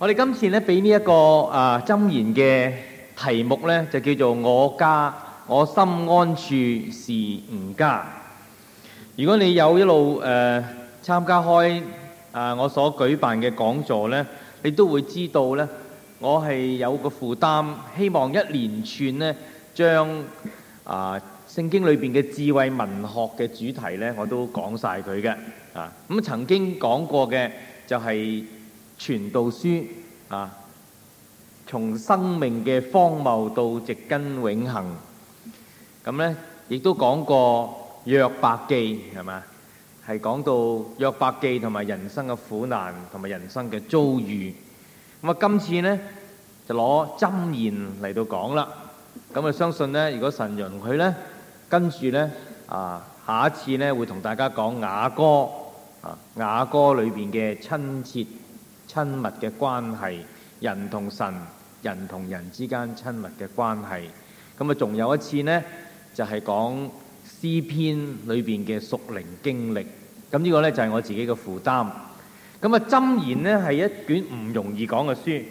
我哋今次咧俾呢一、這個啊箴、呃、言嘅題目呢，就叫做我家我心安處是吾家。如果你有一路誒參、呃、加開、呃、我所舉辦嘅講座呢，你都會知道呢，我係有個負擔，希望一連串呢將啊聖經裏面嘅智慧文學嘅主題呢，我都講晒佢嘅啊。咁曾經講過嘅就係、是。全道書啊，從生命嘅荒謬到直根永恆。咁呢亦都講過約伯記係嘛，係講到約伯記同埋人生嘅苦難同埋人生嘅遭遇。咁啊，今次呢，就攞箴言嚟到講啦。咁啊，相信呢，如果神人佢呢，跟住呢，啊，下一次呢，會同大家講雅歌啊，雅歌裏邊嘅親切、親密嘅關係，人同神、人同人之間親密嘅關係。咁啊，仲有一次呢，就係講詩篇裏邊嘅屬靈經歷。咁呢個呢，就係我自己嘅負擔。咁啊，箴言呢，係一卷唔容易講嘅書。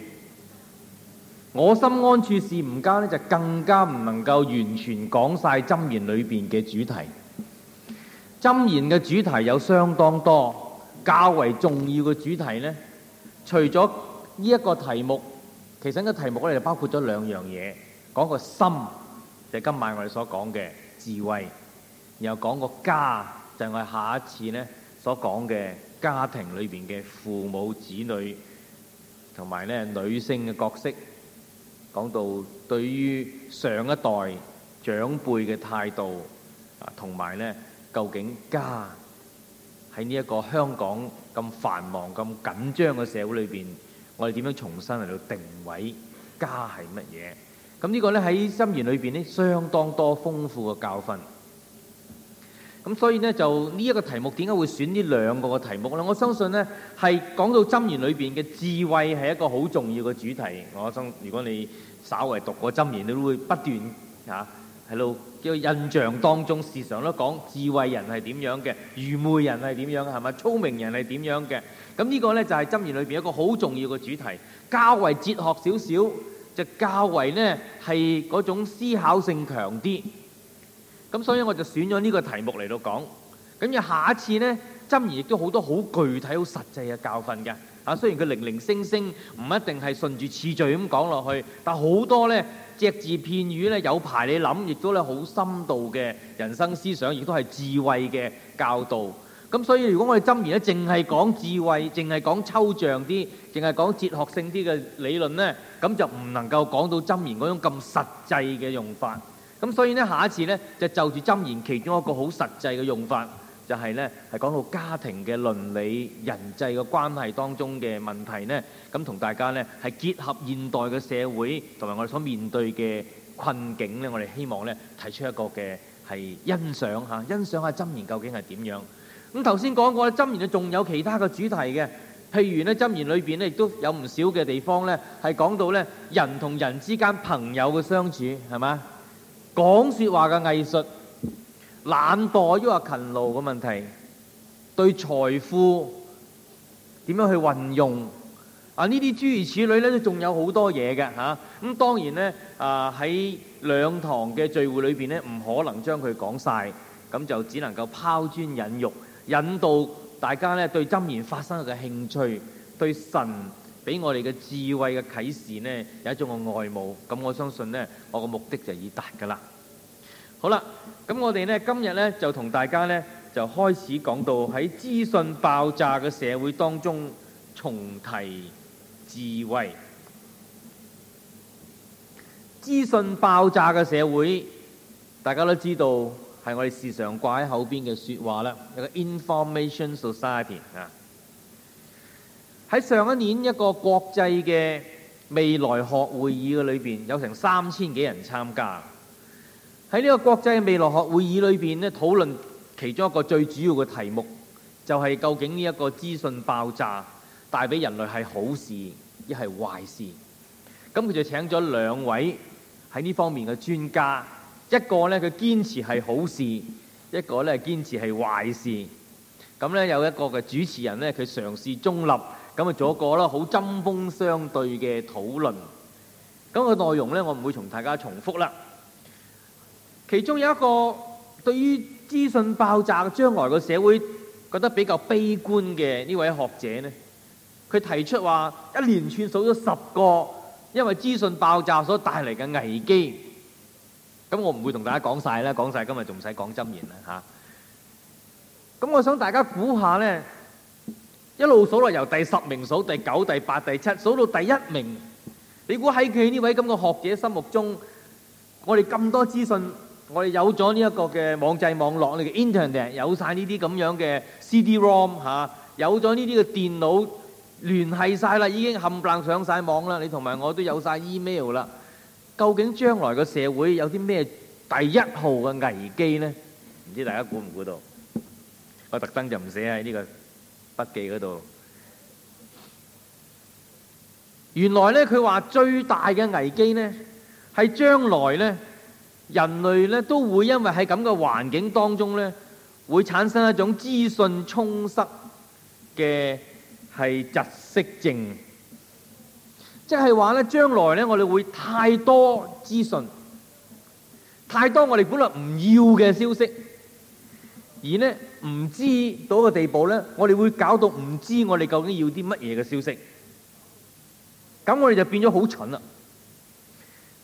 我心安處是吾家呢，就更加唔能夠完全講晒箴言裏邊嘅主題。箴言嘅主題有相當多，較為重要嘅主題呢。除咗呢一個題目，其實個題目咧就包括咗兩樣嘢，講個心就係今晚我哋所講嘅智慧，然後講個家就係我哋下一次咧所講嘅家庭裏邊嘅父母子女同埋咧女性嘅角色，講到對於上一代長輩嘅態度，啊同埋咧究竟家喺呢一個香港咁繁忙、咁緊張嘅社會裏邊，我哋點樣重新嚟到定位家係乜嘢？咁呢個呢，喺《箴言》裏邊呢，相當多豐富嘅教訓。咁所以呢，就呢一個題目，點解會選呢兩個嘅題目呢？我相信呢，係講到《箴言》裏邊嘅智慧係一個好重要嘅主題。我想，如果你稍為讀過《箴言》，你都會不斷嚇。喺咯，印象當中時常都講智慧人係點樣嘅，愚昧人係點樣嘅，係咪？聰明人係點樣嘅？咁呢個呢，就係《箴言》裏邊一個好重要嘅主題，較為哲學少少，就較為呢係嗰種思考性強啲。咁所以我就選咗呢個題目嚟到講。咁要下一次呢，《箴言》亦都好多好具體、好實際嘅教訓嘅。嚇，雖然佢零零星星，唔一定係順住次序咁講落去，但好多呢。隻字片語咧有排你諗，亦都咧好深度嘅人生思想，亦都係智慧嘅教導。咁所以，如果我哋箴言咧淨係講智慧，淨係講抽象啲，淨係講哲學性啲嘅理論呢，咁就唔能夠講到箴言嗰種咁實際嘅用法。咁所以呢，下一次呢，就就住箴言其中一個好實際嘅用法。就係咧，係講到家庭嘅倫理、人際嘅關係當中嘅問題咧，咁同大家咧係結合現代嘅社會同埋我哋所面對嘅困境咧，我哋希望咧提出一個嘅係欣賞吓，欣賞下《箴言》究竟係點樣。咁頭先講過《箴言》啊，仲有其他嘅主題嘅，譬如咧《箴言》裏邊咧亦都有唔少嘅地方咧係講到咧人同人之間朋友嘅相處係嘛，講説話嘅藝術。懶惰抑或勤勞嘅問題，對財富點樣去運用啊？呢啲諸如此類呢，都仲有好多嘢嘅嚇。咁當然呢，啊喺兩堂嘅聚會裏邊呢，唔可能將佢講晒，咁就只能夠拋磚引玉，引導大家呢對箴言發生嘅興趣，對神俾我哋嘅智慧嘅啟示呢，有一種嘅愛慕。咁我相信呢，我個目的就已達噶啦。好啦。咁我哋呢今日呢就同大家呢，就開始講到喺資訊爆炸嘅社會當中重提智慧。資訊爆炸嘅社會，大家都知道係我哋時常掛喺口邊嘅說話啦。一個 information society 啊，喺上一年一個國際嘅未來學會議嘅裏面，有成三千幾人參加。喺呢個國際未來學會議裏邊咧，討論其中一個最主要嘅題目，就係究竟呢一個資訊爆炸帶俾人類係好事亦係壞事。咁佢就請咗兩位喺呢方面嘅專家，一個呢佢堅持係好事，一個呢堅持係壞事。咁呢有一個嘅主持人呢，佢嘗試中立，咁啊做一個咯好針鋒相對嘅討論。咁個內容呢，我唔會同大家重複啦。其中有一個對於資訊爆炸嘅將來，個社會覺得比較悲觀嘅呢位學者呢，佢提出話，一連串數咗十個因為資訊爆炸所帶嚟嘅危機，咁我唔會同大家講晒啦，講晒今日仲唔使講箴言啦嚇。咁我想大家估下呢，一路數落，由第十名數第九、第八、第七，數到第一名，你估喺佢呢位咁嘅學者心目中，我哋咁多資訊？我哋有咗呢一個嘅網際網絡，你嘅 Internet 有晒呢啲咁樣嘅 CD-ROM 吓，有咗呢啲嘅電腦聯繫晒啦，已經冚唪唥上晒網啦。你同埋我都有晒 email 啦。究竟將來個社會有啲咩第一號嘅危機呢？唔知大家估唔估到？我特登就唔寫喺呢個筆記嗰度。原來呢，佢話最大嘅危機呢，係將來呢。人類咧都會因為喺咁嘅環境當中咧，會產生一種資訊充塞嘅係窒息症，即係話咧，將來咧我哋會太多資訊，太多我哋本來唔要嘅消息，而呢，唔知到個地步咧，我哋會搞到唔知我哋究竟要啲乜嘢嘅消息，咁我哋就變咗好蠢啦。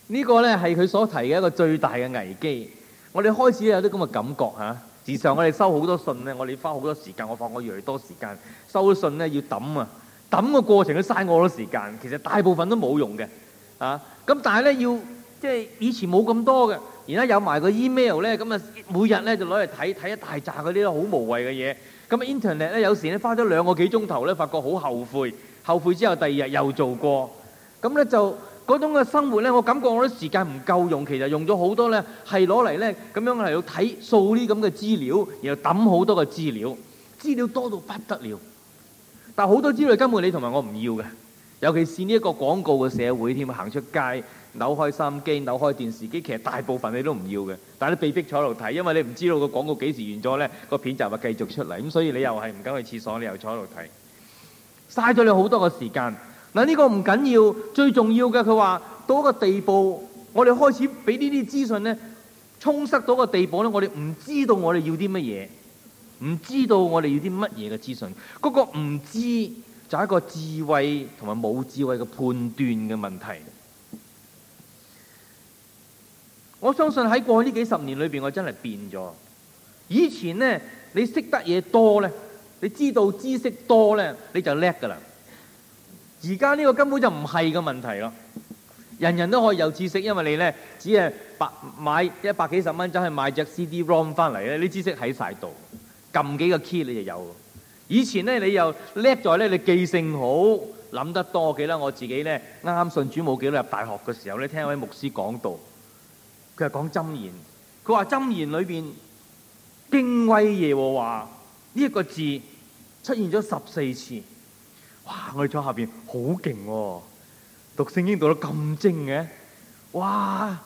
呢個呢，係佢所提嘅一個最大嘅危機。我哋開始有啲咁嘅感覺嚇、啊。自上我哋收好多信呢，我哋花好多時間，我放過越來多時間收咗信呢，要抌啊，抌個過程都嘥我好多時間。其實大部分都冇用嘅啊。咁但係呢，要即係以前冇咁多嘅，然後有埋個 email 呢，咁啊每日呢，就攞嚟睇睇一大扎嗰啲好無謂嘅嘢。咁啊 internet 呢，有時呢，花咗兩個幾鐘頭呢，發覺好後悔，後悔之後第二日又做過，咁呢，就。嗰種嘅生活呢，我感覺我啲時間唔夠用，其實用咗好多呢，係攞嚟呢，咁樣嚟要睇掃呢咁嘅資料，然後揼好多嘅資料，資料多到不得了。但好多資料根本你同埋我唔要嘅，尤其是呢一個廣告嘅社會添，行出街扭開心機、扭開電視機，其實大部分你都唔要嘅，但係你被迫坐喺度睇，因為你唔知道個廣告幾時完咗呢，個片集啊繼續出嚟，咁所以你又係唔敢去廁所，你又坐喺度睇，嘥咗你好多嘅時間。嗱，呢個唔緊要，最重要嘅佢話到一個地步，我哋開始俾呢啲資訊咧充塞到個地步咧，我哋唔知道我哋要啲乜嘢，唔知道我哋要啲乜嘢嘅資訊。嗰個唔知就係一個智慧同埋冇智慧嘅判斷嘅問題。我相信喺過去呢幾十年裏面，我真係變咗。以前呢，你識得嘢多呢，你知道知識多呢，你就叻噶啦。而家呢個根本就唔係個問題咯，人人都可以有知識，因為你呢，只係百買一百幾十蚊走去買隻 CD ROM 翻嚟，呢啲知識喺晒度，撳幾個 key 你就有。以前呢，你又叻在呢，你記性好，諗得多嘅啦。我記得我自己呢，啱啱信主冇幾耐，入大學嘅時候呢，聽一位牧師講道，佢係講箴言，佢話箴言裏邊「敬畏耶和華」呢、這、一個字出現咗十四次。哇！我哋坐下邊好勁喎，讀聖經讀得咁精嘅，哇！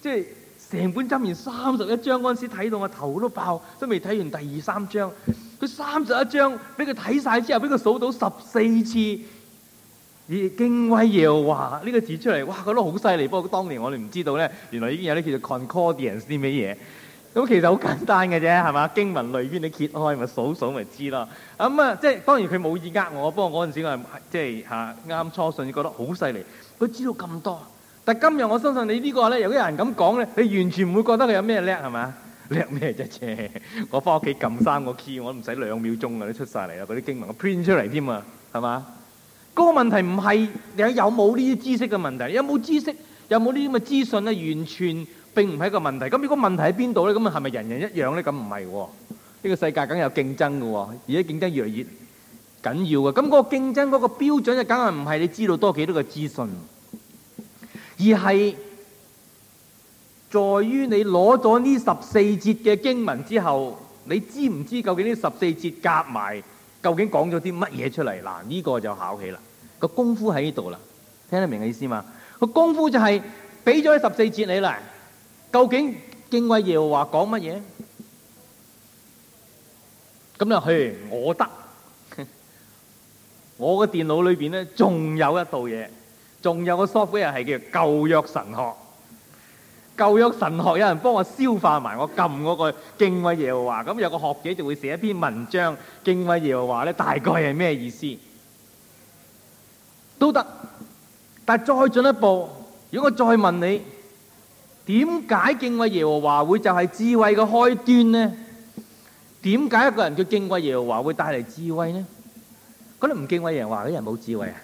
即係成本箴言三十一章嗰陣時，睇到我頭都爆，都未睇完第二三章。佢三十一章俾佢睇晒之後，俾佢數到十四次咦，敬畏耶和華呢個字出嚟，哇！覺得好犀利。不過當年我哋唔知道咧，原來已經有啲叫做 concordance 啲咩嘢。咁其實好簡單嘅啫，係嘛？經文類編你揭開，咪數數咪知咯。咁、嗯就是、啊，即係當然佢冇意呃我，不過嗰陣時我係即係嚇啱初信，覺得好犀利。佢知道咁多，但係今日我相信你呢、這個咧，有啲人咁講咧，你完全唔會覺得佢有咩叻係嘛？叻咩啫？我翻屋企撳三個 key，我都唔使兩秒鐘嘅，都出晒嚟啦。嗰啲經文我 print 出嚟添啊，係嘛？嗰、那個問題唔係你有冇呢啲知識嘅問題，有冇知識，有冇呢啲咁嘅資訊咧，完全。並唔係一個問題。咁如果問題喺邊度咧？咁啊，係咪人人一樣咧？咁唔係。呢個世界梗有競爭嘅，而家競爭越嚟越緊要嘅。咁個競爭嗰個標準就梗係唔係你知道多幾多個資訊，而係在於你攞咗呢十四節嘅經文之後，你知唔知究竟呢十四節夾埋究竟講咗啲乜嘢出嚟嗱？呢個就考起啦，個功夫喺呢度啦，聽得明嘅意思嘛？個功夫就係俾咗呢十四節你啦。究竟敬畏耶和華講乜嘢？咁咧，嘿，我得，我個電腦裏邊咧，仲有一道嘢，仲有個 software 係叫舊約神學。舊約神學有人幫我消化埋，我撳嗰個敬畏耶和華。咁有個學者就會寫一篇文章，敬畏耶和華咧，大概係咩意思？都得，但係再進一步，如果我再問你，點解敬畏耶和華會就係智慧嘅開端呢？點解一個人叫敬畏耶和華會帶嚟智慧呢？嗰啲唔敬畏耶和華啲人冇智慧啊！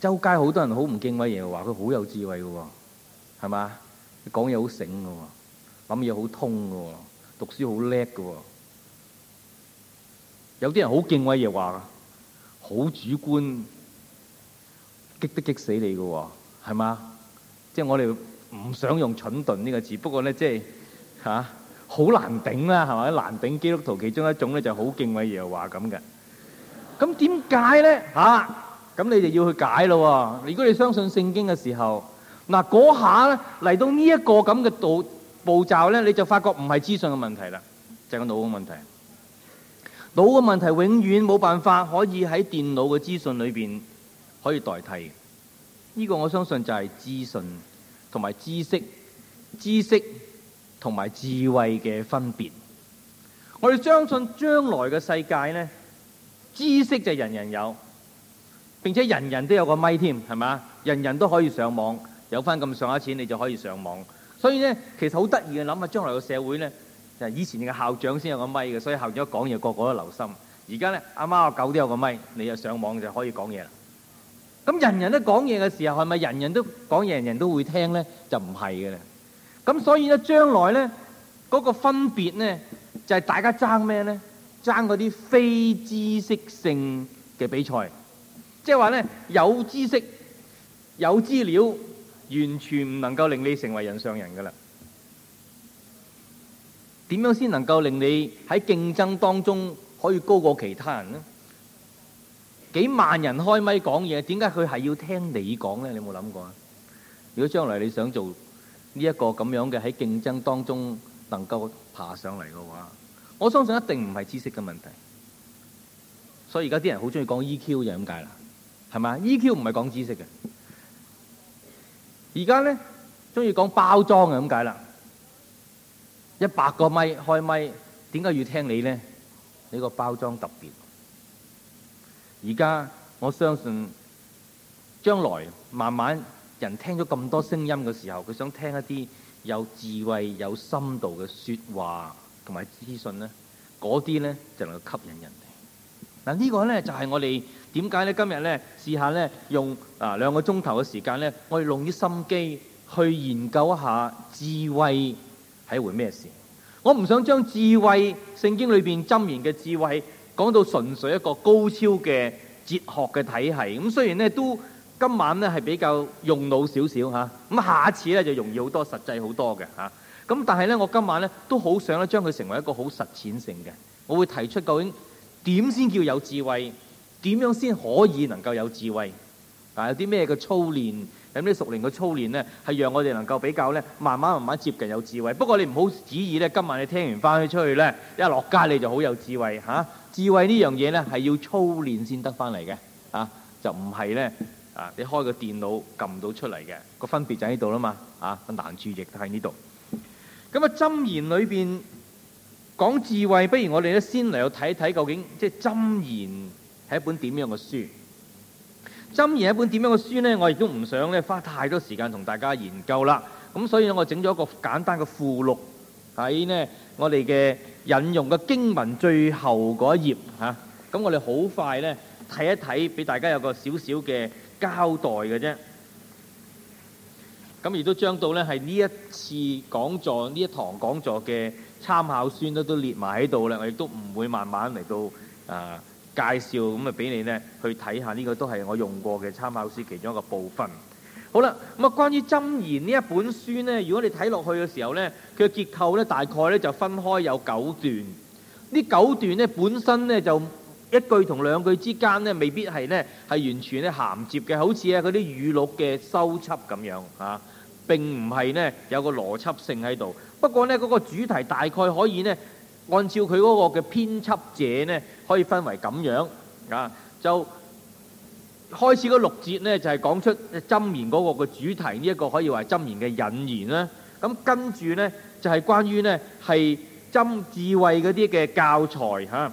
周街好多人好唔敬畏耶和華，佢好有智慧嘅，係嘛？佢講嘢好醒嘅，諗嘢好通嘅，讀書好叻嘅。有啲人好敬畏耶和華，好主觀，激都激死你嘅，係嘛？即係我哋唔想用蠢鈍呢個字，不過呢，即係嚇好難頂啦，係咪？難頂基督徒其中一種呢，就好敬畏耶和華咁嘅。咁點解呢？嚇咁你就要去解咯。如果你相信聖經嘅時候，嗱，嗰下呢，嚟到呢一個咁嘅步步驟呢，你就發覺唔係資訊嘅問題啦，就係個腦嘅問題。腦嘅問題永遠冇辦法可以喺電腦嘅資訊裏邊可以代替。呢個我相信就係資訊同埋知識、知識同埋智慧嘅分別。我哋相信將來嘅世界呢，知識就係人人有，並且人人都有個咪添，係咪？人人都可以上網，有翻咁上下錢你就可以上網。所以呢，其實好得意嘅，諗下將來嘅社會呢，就以前嘅校長先有個咪嘅，所以校長講嘢個個都留心。而家呢，阿貓阿狗都有個咪，你就上網就可以講嘢啦。咁人人都講嘢嘅時候，係咪人人都講嘢人人都會聽呢？就唔係嘅喇。咁所以呢將來呢，嗰個分別呢，就係大家爭咩呢？爭嗰啲非知識性嘅比賽即係話呢，有知識有資料，完全唔能夠令你成為人上人㗎喇。點樣先能夠令你喺競爭當中可以高過其他人呢？幾萬人開咪講嘢，點解佢係要聽你講呢？你有冇諗過啊？如果將來你想做呢一個咁樣嘅喺競爭當中能夠爬上嚟嘅話，我相信一定唔係知識嘅問題。所以而家啲人好中意講 EQ 就咁解啦，係咪啊？EQ 唔係講知識嘅，而家呢中意講包裝啊，咁解啦。一百個咪開咪，點解要聽你呢？你個包裝特別。而家我相信，將來慢慢人聽咗咁多聲音嘅時候，佢想聽一啲有智慧、有深度嘅說話同埋資訊呢，嗰啲呢，就能夠吸引人哋。嗱、這、呢個呢，就係我哋點解呢。今日呢，試下呢，用啊兩個鐘頭嘅時間呢，我哋用啲心機去研究一下智慧係會咩事。我唔想將智慧聖經裏邊箴言嘅智慧。講到純粹一個高超嘅哲學嘅體系，咁雖然咧都今晚咧係比較用腦少少嚇，咁下一次咧就容易好多實際好多嘅嚇，咁但係咧我今晚咧都好想咧將佢成為一個好實踐性嘅。我會提出究竟點先叫有智慧，點樣先可以能夠有智慧，啊有啲咩嘅操練。咁啲熟練嘅操練呢，係讓我哋能夠比較呢慢慢慢慢接近有智慧。不過你唔好指意呢，今晚你聽完翻去出去呢，一落街你就好有智慧嚇。智慧呢樣嘢呢，係要操練先得翻嚟嘅，啊，就唔係呢。啊，你開個電腦撳到出嚟嘅，個分別就喺度啦嘛，啊，個難處亦都喺呢度。咁啊，箴言裏邊講智慧，不如我哋咧先嚟又睇一睇究竟，即係箴言係一本點樣嘅書？《箴言》一本點樣嘅書呢？我亦都唔想咧花太多時間同大家研究啦。咁所以咧，我整咗一個簡單嘅附錄喺呢我哋嘅引用嘅經文最後嗰一頁嚇。咁我哋好快呢睇一睇，俾大家有個少少嘅交代嘅啫。咁亦都將到呢係呢一次講座呢一堂講座嘅參考書呢，都列埋喺度啦。我亦都唔會慢慢嚟到啊。介紹咁啊，俾你呢，去睇下呢個都係我用過嘅參考書其中一個部分。好啦，咁啊，關於《箴言》呢一本書呢，如果你睇落去嘅時候呢，佢嘅結構呢大概呢就分開有九段。呢九段呢本身呢就一句同兩句之間呢未必係呢係完全呢銜接嘅，好似啊嗰啲語錄嘅收輯咁樣啊。並唔係呢有個邏輯性喺度。不過呢，嗰個主題大概可以呢按照佢嗰個嘅編輯者呢。可以分為咁樣啊，就開始嗰六節呢，就係講出箴言嗰個嘅主題呢一個可以話係箴言嘅引言啦。咁跟住呢就係關於呢係箴智慧嗰啲嘅教材吓。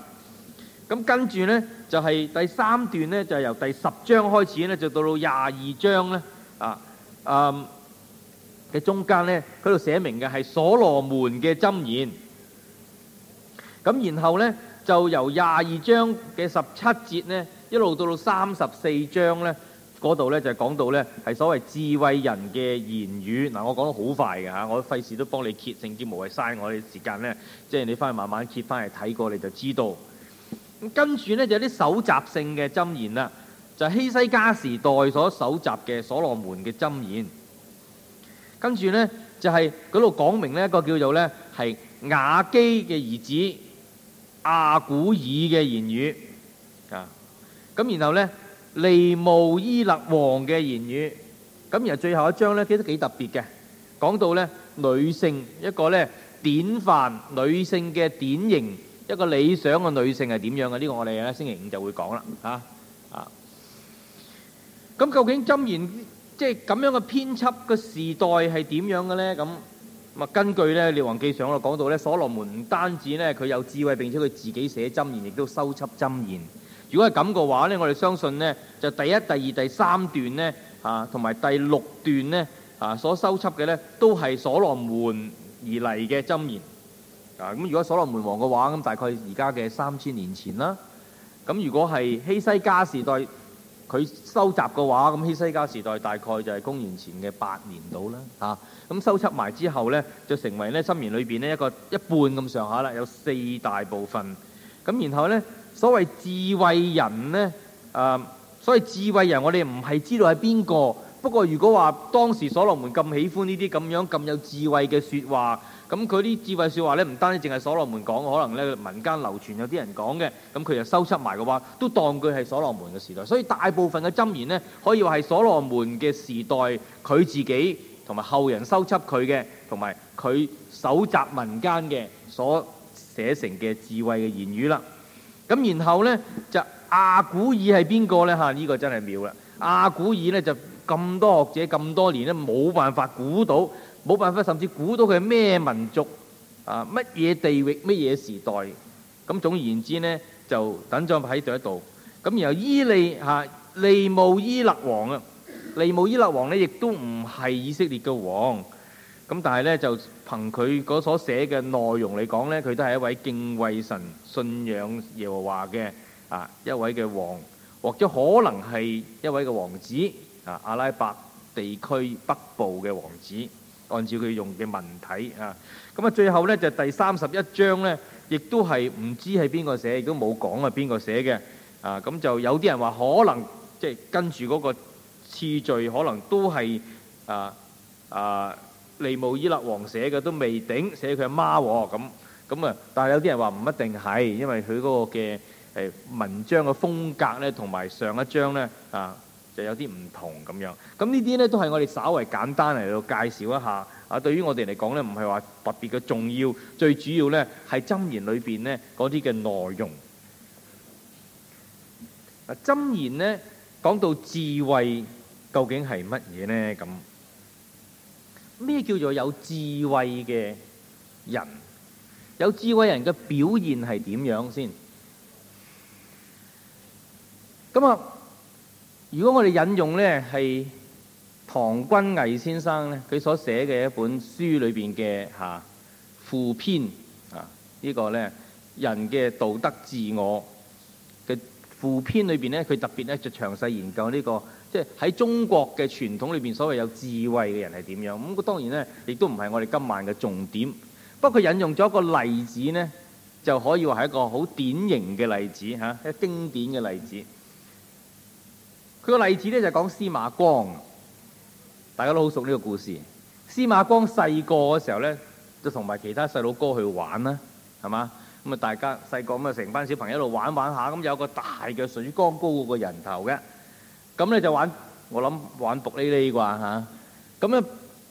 咁跟住呢就係第三段呢就由第十章開始呢就到到廿二章呢啊，嗯嘅中間呢佢度寫明嘅係所羅門嘅箴言。咁然後呢。就由廿二章嘅十七節呢，一路到到三十四章呢嗰度呢，就講到呢係所謂智慧人嘅言語。嗱，我講得好快㗎嚇，我費事都幫你揭成啲無謂嘥我嘅時間呢。即係你翻去慢慢揭翻嚟睇過，你就知道。跟住呢，就有啲搜集性嘅箴言啦，就係希西家時代所搜集嘅所羅門嘅箴言。跟住呢，就係嗰度講明呢一個叫做呢係雅基嘅兒子。亞古珥嘅言語啊，咁然後呢利慕伊勒王嘅言語，咁然後最後一章呢，其實幾特別嘅，講到呢女性一個呢典範女性嘅典型一個理想嘅女性係點樣嘅？呢個我哋咧星期五就會講啦，吓啊，咁究竟箴言即係咁樣嘅編輯個時代係點樣嘅咧？咁。根據咧《列王記上》度講到咧，所羅門唔單止呢佢有智慧，並且佢自己寫箴言，亦都收輯箴言。如果係咁嘅話呢，我哋相信呢就第一、第二、第三段呢，啊，同埋第六段呢，啊所收輯嘅呢，都係所羅門而嚟嘅箴言啊。咁如果所羅門王嘅話，咁大概而家嘅三千年前啦。咁如果係希西家時代。佢收集嘅話，咁希西家時代大概就係公元前嘅八百年度啦，咁、啊、收集埋之後呢，就成為呢箴言裏面呢一個一半咁上下啦，有四大部分。咁然後呢，所謂智慧人呢，啊、所謂智慧人，我哋唔係知道係邊個。不過如果話當時所羅門咁喜歡呢啲咁樣咁有智慧嘅說話，咁佢啲智慧説話咧，唔單止淨係所羅門講，可能咧民間流傳有啲人講嘅，咁佢就收輯埋嘅話，都當佢係所羅門嘅時代。所以大部分嘅箴言咧，可以話係所羅門嘅時代，佢自己同埋後人收輯佢嘅，同埋佢搜集民間嘅所寫成嘅智慧嘅言語啦。咁然後咧就亞古爾係邊個咧？嚇、啊，呢、這個真係妙啦！亞古爾咧就咁多學者咁多年咧，冇辦法估到。冇辦法，甚至估到佢咩民族啊，乜嘢地域，乜嘢時代。咁總言之呢，就等咗喺度。咁然後，伊利嚇利慕伊勒王啊，利慕伊勒王呢，亦都唔係以色列嘅王。咁但係呢，就憑佢嗰所寫嘅內容嚟講呢，佢都係一位敬畏神、信仰耶和華嘅啊一位嘅王，或者可能係一位嘅王子啊，阿拉伯地區北部嘅王子。按照佢用嘅文體啊，咁啊最後咧就第三十一章咧，亦都係唔知係邊個寫，亦都冇講係邊個寫嘅啊，咁就有啲人話可能即係跟住嗰個次序，可能都係啊啊利慕伊勒王寫嘅，都未定寫佢阿媽喎，咁咁啊，但係有啲人話唔一定係，因為佢嗰個嘅誒文章嘅風格咧，同埋上一章咧啊。就有啲唔同咁樣，咁呢啲呢，都係我哋稍為簡單嚟到介紹一下。啊，對於我哋嚟講呢，唔係話特別嘅重要，最主要呢係箴言裏邊呢嗰啲嘅內容。啊，箴言呢講到智慧究竟係乜嘢呢？咁咩叫做有智慧嘅人？有智慧人嘅表現係點樣先？咁啊？如果我哋引用呢，係唐君毅先生呢，佢所寫嘅一本書裏邊嘅嚇附篇啊，呢、這個呢，人嘅道德自我嘅附篇裏邊呢，佢特別呢，就詳細研究呢、這個，即係喺中國嘅傳統裏邊所謂有智慧嘅人係點樣。咁、嗯、佢當然呢，亦都唔係我哋今晚嘅重點。不過佢引用咗一個例子呢，就可以話係一個好典型嘅例子嚇、啊，一經典嘅例子。那個例子咧，就講、是、司馬光，大家都好熟呢個故事。司馬光細個嘅時候咧，就同埋其他細佬哥去玩啦，係嘛？咁啊，大家細個咁啊，成班小朋友一路玩玩下，咁有一個大嘅水缸高過個人頭嘅，咁咧就玩，我諗玩卜呢呢啩吓。咁咧，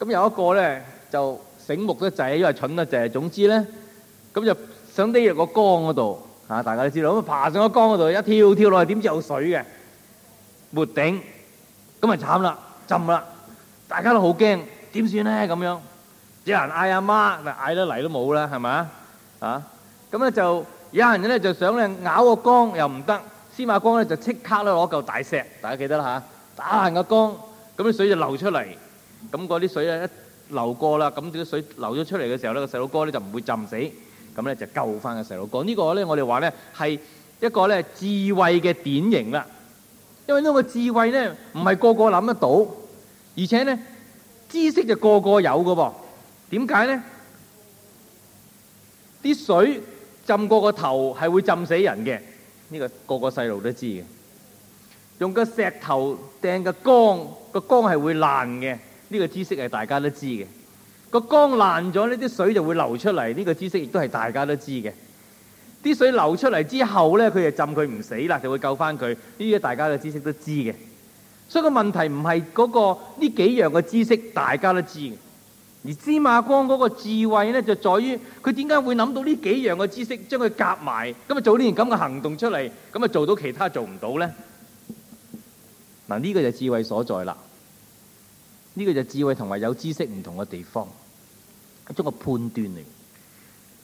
咁有一個咧就醒目得滯，因為蠢得滯。總之咧，咁就想匿入個缸嗰度，吓、啊、大家都知道。咁啊，爬上個缸嗰度一跳跳落去，點知有水嘅？沒頂，咁咪慘啦，浸啦！大家都好驚，點算咧？咁樣，有人嗌阿媽，嗱嗌得嚟都冇啦，係咪啊？啊！咁咧就有人咧就想咧咬個缸，又唔得，司馬光咧就即刻咧攞嚿大石，大家記得啦吓、啊，打爛個缸，咁啲水就流出嚟，咁嗰啲水咧一流過啦，咁啲水流咗出嚟嘅時候咧，呢個細佬哥咧就唔會浸死，咁咧就救翻個細佬哥。這個、呢個咧我哋話咧係一個咧智慧嘅典型啦。因為呢個智慧呢，唔係個個諗得到，而且呢，知識就個個有嘅噃。點解呢？啲水浸過個頭係會浸死人嘅，呢個個個細路都知嘅。用個石頭掟個缸，個缸係會爛嘅。呢個知識係大家都知嘅。個缸爛咗，呢啲水就會流出嚟。呢個知識亦都係大家都知嘅。啲水流出嚟之後呢，佢就浸佢唔死啦，就會救翻佢。呢啲大家嘅知識都知嘅，所以個問題唔係嗰個呢幾樣嘅知識大家都知的知嘅，而芝麻光嗰個智慧呢，就在於佢點解會諗到呢幾樣嘅知識將佢夾埋，咁啊做呢件咁嘅行動出嚟，咁啊做到其他做唔到呢。嗱、這、呢個就係智慧所在啦，呢、這個就是智慧同埋有知識唔同嘅地方，係通過判斷嚟。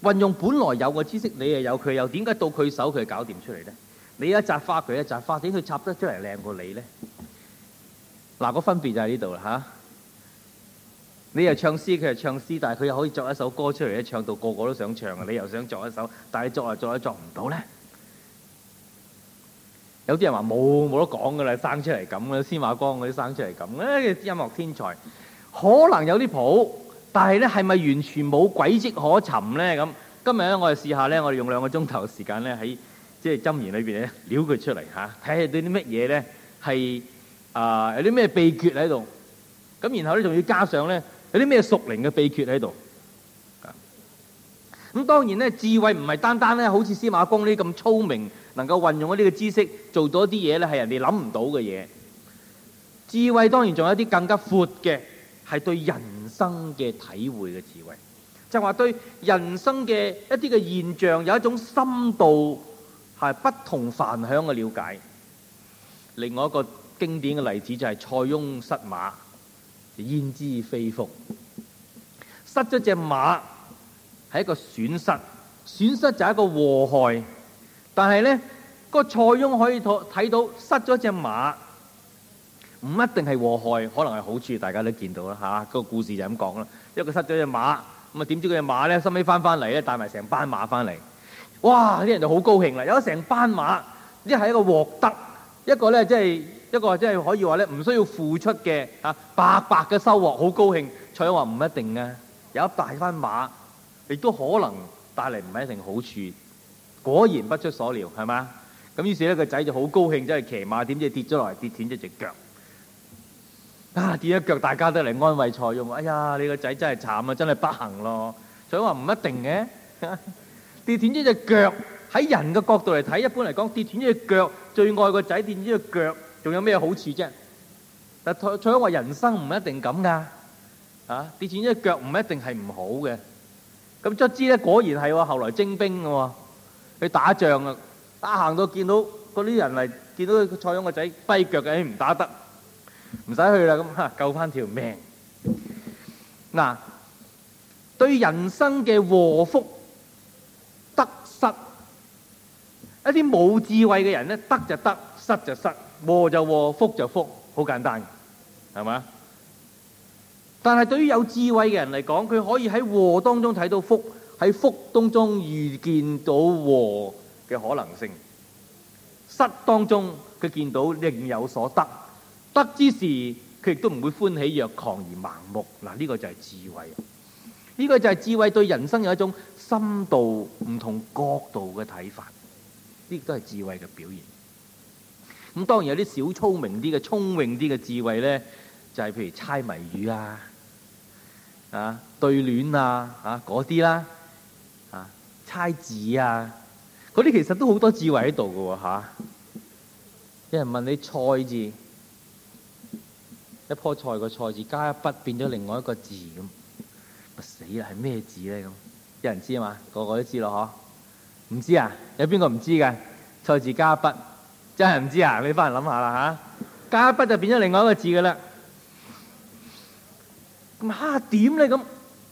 運用本來有嘅知識，你又有佢又點解到佢手佢搞掂出嚟呢？你一扎花佢一扎花，點解插得出嚟靚過你呢？嗱，個分別就喺呢度啦嚇！你又唱詩，佢又唱詩，但係佢又可以作一首歌出嚟，一唱到個個都想唱啊！你又想作一首，但係作啊作啊作唔到呢。有啲人話冇冇得講噶啦，生出嚟咁啦，司馬光嗰啲生出嚟咁咧，音樂天才可能有啲譜。但係咧，係咪完全冇軌跡可尋咧？咁今日咧，我哋試下咧，我哋用兩個鐘頭嘅時間咧，喺即係《箴言》裏邊咧，撩佢出嚟嚇，睇下對啲乜嘢咧係啊，有啲咩秘訣喺度。咁然後咧，仲要加上咧，有啲咩屬靈嘅秘訣喺度啊。咁當然咧，智慧唔係單單咧，好似司馬光呢咁聰明，能夠運用呢啲知識做到啲嘢咧，係人哋諗唔到嘅嘢。智慧當然仲有一啲更加闊嘅，係對人。生嘅體會嘅智慧，就話，是，對人生嘅一啲嘅現象有一種深度係不同凡響嘅了解。另外一個經典嘅例子就係塞翁失馬，焉知非福。失咗隻馬係一個損失，損失就係一個禍害。但係呢個塞翁可以睇到失咗隻馬，唔一定係禍害，可能係好處，大家都見到啦嚇。啊嗰個故事就咁講啦，因為佢失咗隻馬，咁啊點知佢隻馬咧，收尾翻翻嚟咧，帶埋成班馬翻嚟，哇！啲人就好高興啦，有成班馬，呢係一個獲得，一個咧即係一個即係可以話咧唔需要付出嘅啊，白白嘅收穫，好高興。蔡生話唔一定啊，有一大班馬亦都可能帶嚟唔係一定好處。果然不出所料，係嘛？咁於是咧個仔就好高興即係騎馬，點知跌咗落嚟，跌斷咗隻腳。跌一腳，大家都嚟安慰塞翁。哎呀，你個仔真係慘啊，真係不幸咯。塞翁話唔一定嘅，跌斷咗隻腳喺人嘅角度嚟睇，一般嚟講，跌斷咗隻腳，最愛個仔跌斷咗隻腳，仲有咩好處啫？但塞塞翁話人生唔一定咁噶，啊跌斷咗隻腳唔一定係唔好嘅。咁卒之咧，果然係喎，後來徵兵嘅喎，去打仗啊，打行到見到嗰啲人嚟，見到塞翁個仔跛腳嘅，佢唔打得。唔使去啦，咁吓救翻條命。嗱，對人生嘅禍福得失，一啲冇智慧嘅人咧，得就得，失就失，禍就禍，福就福，好簡單，係嘛？但係對於有智慧嘅人嚟講，佢可以喺禍當中睇到福，喺福當中預見到禍嘅可能性，失當中佢見到另有所得。得之時，佢亦都唔會歡喜若狂而盲目。嗱，呢個就係智慧。呢、這個就係智慧對人生有一種深度唔同角度嘅睇法。呢亦都係智慧嘅表現。咁當然有啲小聰明啲嘅聰穎啲嘅智慧咧，就係、是、譬如猜謎語啊、啊對聯啊、啊嗰啲啦、啊猜字啊，嗰啲、啊、其實都好多智慧喺度嘅喎嚇。有人問你菜字，一樖菜個菜字加一筆變咗另外一個字咁，咪死啦！係咩字咧咁？有人知啊嘛？個個都知咯嗬。唔知啊？有邊個唔知嘅？菜字加一筆真係唔知啊！你翻嚟諗下啦嚇，加一筆就變咗另外一個字嘅啦。咁嚇點咧咁？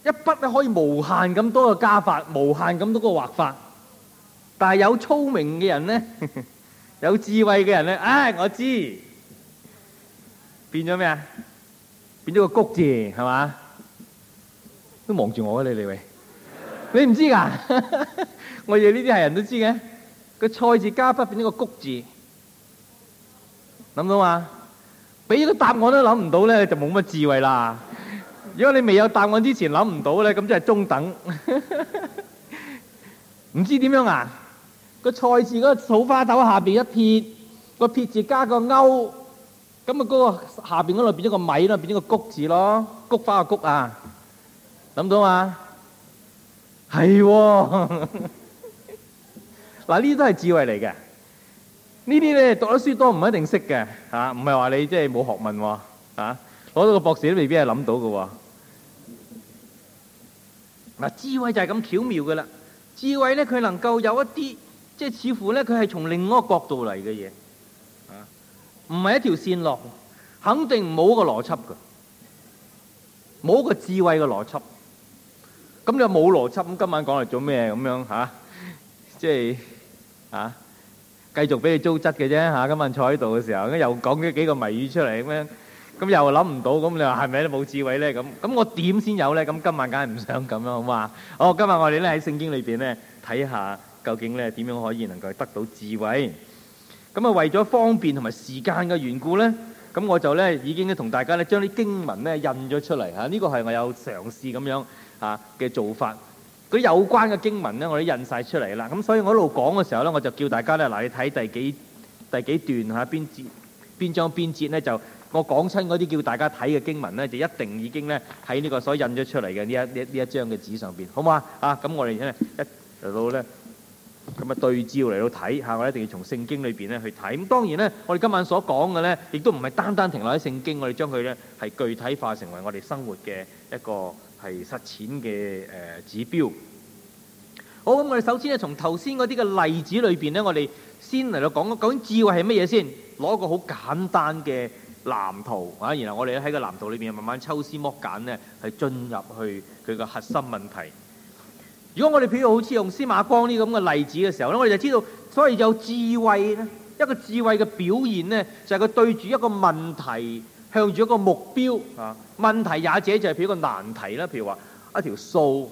一筆咧可以無限咁多個加法，無限咁多個畫法。但係有聰明嘅人咧，有智慧嘅人咧，唉、啊，我知。變咗咩啊？變咗個谷字係嘛？都望住我啊！你哋喂，你唔知噶？ 我哋呢啲係人都知嘅。個賽字加筆變咗個谷字，諗到嘛？俾咗答案都諗唔到咧，你就冇乜智慧啦。如果你未有答案之前諗唔到咧，咁即係中等。唔 知點樣啊？個賽字嗰個草花豆下邊一撇，個撇字加個勾。咁啊，嗰個下邊嗰度變咗個米咯，變咗個菊字咯，菊花個菊啊，諗到嘛？係嗱，呢啲都係智慧嚟嘅。呢啲咧讀得書多唔一定識嘅吓，唔係話你即係冇學問喎啊！攞到個博士都未必係諗到嘅喎。嗱，智慧就係咁巧妙嘅啦。智慧咧，佢能夠有一啲即係似乎咧，佢係從另一個角度嚟嘅嘢。唔係一條線落，肯定冇一個邏輯噶，冇一個智慧嘅邏輯，咁就冇邏輯。咁今晚講嚟做咩咁樣吓？即係吓，繼續俾你糟質嘅啫吓。今晚坐喺度嘅時候，咁又講咗幾個謎語出嚟咁樣，咁又諗唔到。咁你話係咪咧冇智慧咧？咁咁我點先有咧？咁今晚梗係唔想咁樣好嘛？哦，今日我哋咧喺聖經裏邊咧睇下究竟咧點樣可以能夠得到智慧。咁啊，為咗方便同埋時間嘅緣故呢，咁我就呢已經咧同大家呢將啲經文呢印咗出嚟嚇，呢、啊這個係我有嘗試咁樣嚇嘅做法。嗰啲有關嘅經文呢，我都印晒出嚟啦。咁所以我一路講嘅時候呢，我就叫大家呢嗱，嚟你睇第幾第幾段嚇，邊節邊章邊節呢？就我講親嗰啲叫大家睇嘅經文呢，就一定已經呢喺呢個所印咗出嚟嘅呢一呢一張嘅紙上邊，好嘛？啊，咁我哋咧一路咧。咁咪對照嚟到睇下，我一定要從聖經裏面咧去睇。咁當然咧，我哋今晚所講嘅咧，亦都唔係單單停留喺聖經，我哋將佢咧係具體化成為我哋生活嘅一個係實踐嘅誒指標。好，咁我哋首先咧，從頭先嗰啲嘅例子裏面咧，我哋先嚟到講究竟智慧係乜嘢先。攞一個好簡單嘅藍圖啊，然後我哋喺個藍圖裏面慢慢抽絲剝繭咧，係進入去佢嘅核心問題。如果我哋譬如好似用司馬光呢咁嘅例子嘅時候咧，我哋就知道，所謂有智慧咧，一個智慧嘅表現咧，就係佢對住一個問題，向住一個目標啊。問題也者就係譬如一個難題啦，譬如話一條數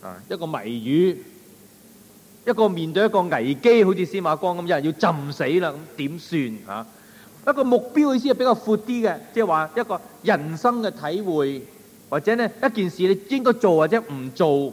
啊，一個謎語，一個面對一個危機，好似司馬光咁，有人要浸死啦，咁點算啊？一個目標意思係比較闊啲嘅，即係話一個人生嘅體會，或者呢一件事你應該做或者唔做。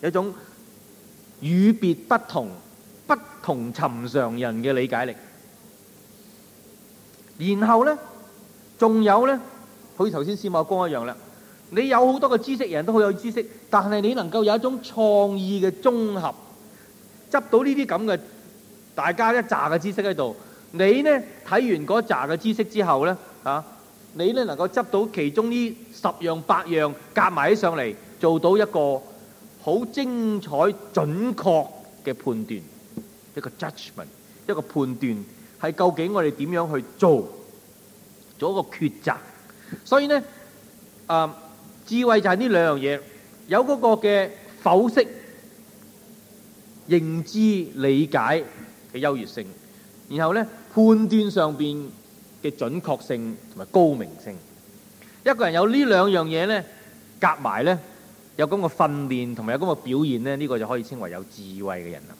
有種與別不同、不同尋常人嘅理解力，然後咧仲有咧，好似頭先司馬光一樣啦。你有好多嘅知識人都好有知識，但係你能夠有一種創意嘅綜合，執到呢啲咁嘅大家一紮嘅知識喺度，你咧睇完嗰紮嘅知識之後咧啊，你咧能夠執到其中呢十樣八樣夾埋起上嚟，做到一個。好精彩、準確嘅判斷，一個 judgment，一個判斷係究竟我哋點樣去做，做一個抉擇。所以呢，誒智慧就係呢兩樣嘢，有嗰個嘅否識認知理解嘅優越性，然後呢判斷上面嘅準確性同埋高明性。一個人有呢兩樣嘢呢，夾埋呢。有咁嘅訓練同埋有咁嘅表現呢，呢個就可以稱為有智慧嘅人啦。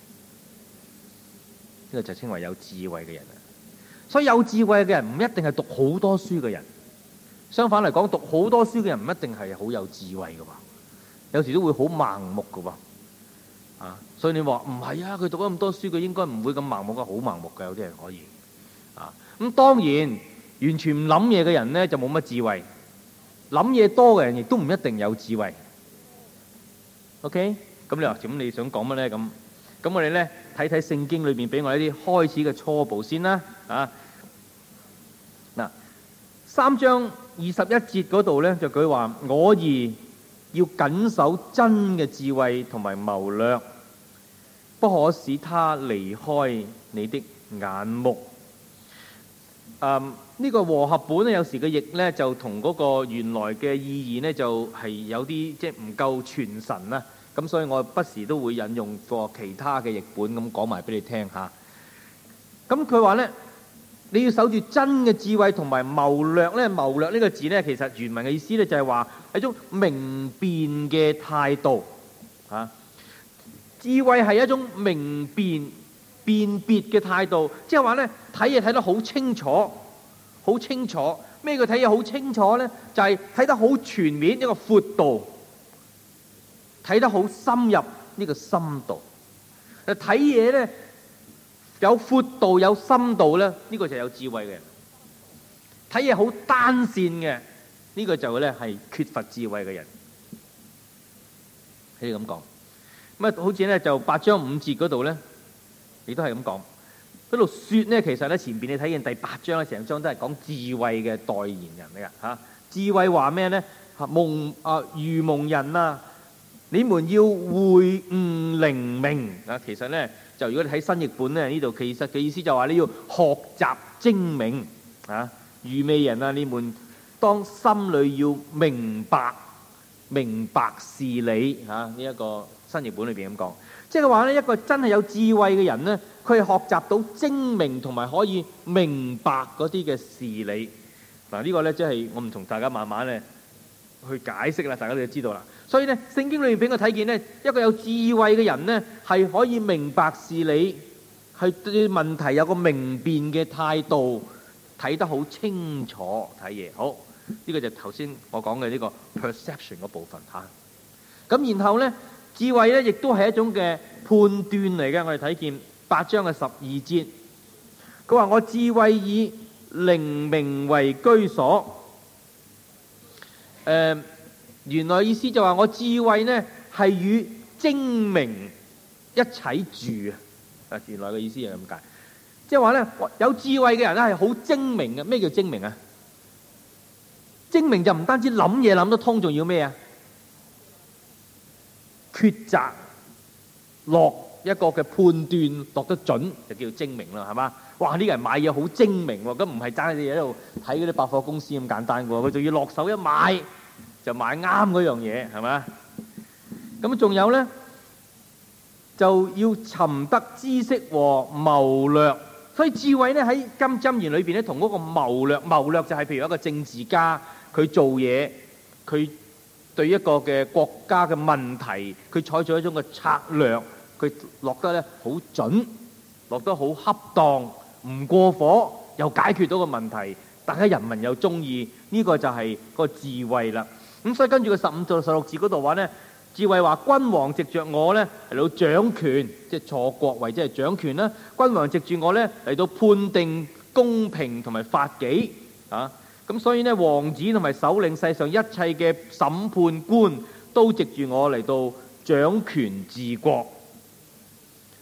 呢個就稱為有智慧嘅人啦。所以有智慧嘅人唔一定係讀好多書嘅人，相反嚟講，讀好多書嘅人唔一定係好有智慧嘅喎。有時都會好盲目嘅喎。啊，所以你話唔係啊？佢讀咗咁多書，佢應該唔會咁盲目嘅，好盲目嘅有啲人可以。啊，咁當然完全唔諗嘢嘅人呢，就冇乜智慧，諗嘢多嘅人亦都唔一定有智慧。OK，咁你話咁你想講乜呢？咁，咁我哋呢睇睇聖經裏邊俾我一啲開始嘅初步先啦。啊，嗱，三章二十一節嗰度呢就佢話，我而要謹守真嘅智慧同埋謀略，不可使他離開你的眼目。誒，呢個和合本有時嘅譯呢就同嗰個原來嘅意義呢就係有啲即係唔夠傳神啊。咁所以我不時都會引用過其他嘅譯本咁講埋俾你聽下。咁佢話呢：「你要守住真嘅智慧同埋謀略呢」，謀略呢個字呢，其實原文嘅意思呢，就係話係一種明辨嘅態度、啊、智慧係一種明辨、辨別嘅態度，即係話呢，睇嘢睇得好清楚。好清楚咩叫睇嘢好清楚呢？就係睇得好全面，一個闊度。睇得好深入呢個深度，誒睇嘢咧有闊度有深度咧，呢個就係有智慧嘅人。睇嘢好單線嘅，呢個就咧係缺乏智慧嘅人。係咁講咁啊，好似咧就八章五節嗰度咧，你都係咁講嗰度。説咧，其實咧前邊你睇完第八章咧，成章都係講智慧嘅代言人嚟噶嚇。智慧話咩咧？夢啊，愚蒙人啊。你們要會悟靈明嗱，其實呢，就如果你睇新譯本咧呢度，其實嘅意思就係話你要學習精明啊，愚昧人啊，你們當心裏要明白，明白事理啊，呢一個新譯本裏邊咁講，即係話呢一個真係有智慧嘅人呢，佢係學習到精明同埋可以明白嗰啲嘅事理嗱，呢個呢，即係我唔同大家慢慢呢。去解釋啦，大家都知道啦。所以呢，聖經裏面俾我睇見呢一個有智慧嘅人呢，係可以明白事理，係對問題有個明辨嘅態度，睇得好清楚睇嘢。好，呢個就頭先我講嘅呢個 perception 嗰部分吓。咁然後呢，智慧呢亦都係一種嘅判斷嚟嘅。我哋睇見八章嘅十二節，佢話：我智慧以靈明為居所。誒、呃，原來意思就話我智慧呢係與精明一齊住啊！啊，原來嘅意思係咁解，即係話咧，有智慧嘅人係好精明嘅。咩叫精明啊？精明就唔單止諗嘢諗得通，仲要咩啊？抉擇落一個嘅判斷落得準，就叫精明啦，係嘛？哇！呢啲人買嘢好精明喎，咁唔係齋你喺度睇嗰啲百貨公司咁簡單嘅喎，佢仲要落手一買就買啱嗰樣嘢，係咪啊？咁啊，仲有咧就要尋得知識和謀略。所以智慧咧喺箴言裏邊咧，同嗰個謀略，謀略就係譬如一個政治家，佢做嘢，佢對一個嘅國家嘅問題，佢採取一種嘅策略，佢落得咧好準，落得好恰當。唔過火又解決到個問題，大家人民又中意，呢個就係個智慧啦。咁所以跟住個十五字到十六字嗰度話呢，智慧話，君王藉着我呢嚟到掌權，即係坐國位，即係掌權啦。君王藉住我呢嚟到判定公平同埋法紀啊。咁所以呢，王子同埋首領，世上一切嘅審判官都藉住我嚟到掌權治國。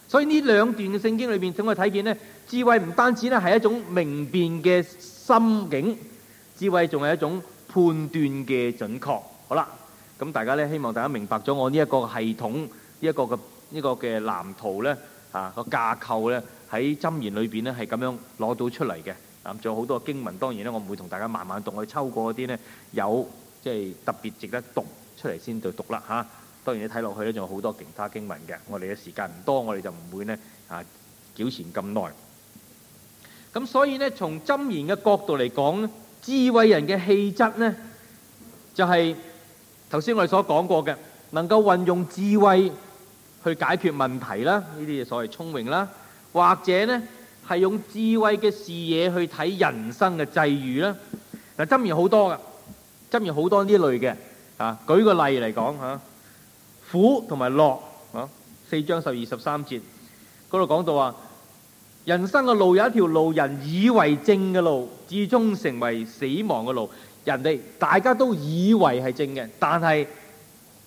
所以呢兩段嘅聖經裏面，等我睇見呢。智慧唔單止咧係一種明辨嘅心境，智慧仲係一種判斷嘅準確。好啦，咁大家咧，希望大家明白咗我呢一個系統，呢一個嘅呢個嘅藍圖咧嚇個架構咧喺箴言裏邊咧係咁樣攞到出嚟嘅。啊，仲有好多經文，當然咧我唔會同大家慢慢讀，我抽過嗰啲咧有即係特別值得讀出嚟先讀啦嚇。當然你睇落去咧仲有好多其他經文嘅，我哋嘅時間唔多，我哋就唔會咧嚇糾纏咁耐。咁所以咧，從箴言嘅角度嚟講咧，智慧人嘅氣質咧，就係頭先我哋所講過嘅，能夠運用智慧去解決問題啦，呢啲嘢所謂聰明啦，或者咧係用智慧嘅視野去睇人生嘅際遇啦。嗱，箴言好多噶，箴言好多呢類嘅啊，舉個例嚟講吓，苦同埋樂啊，四章十二十三節嗰度講到話。人生嘅路有一條路，人以為正嘅路，至終成為死亡嘅路。人哋大家都以為係正嘅，但係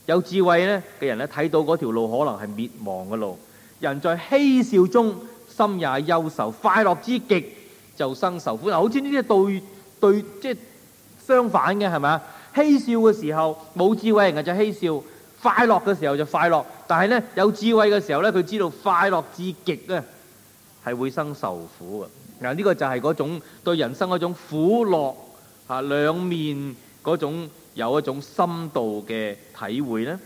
有智慧咧嘅人咧睇到嗰條路可能係滅亡嘅路。人在嬉笑中，心也憂愁；快樂之極就生愁苦。好似呢啲對對即係、就是、相反嘅係咪？嬉笑嘅時候冇智慧，人就嬉笑；快樂嘅時候就快樂，但係呢，有智慧嘅時候呢，佢知道快樂至極啊！係會生受苦嘅，嗱、這、呢個就係嗰種對人生嗰種苦樂嚇兩面嗰種有一種深度嘅體會咧。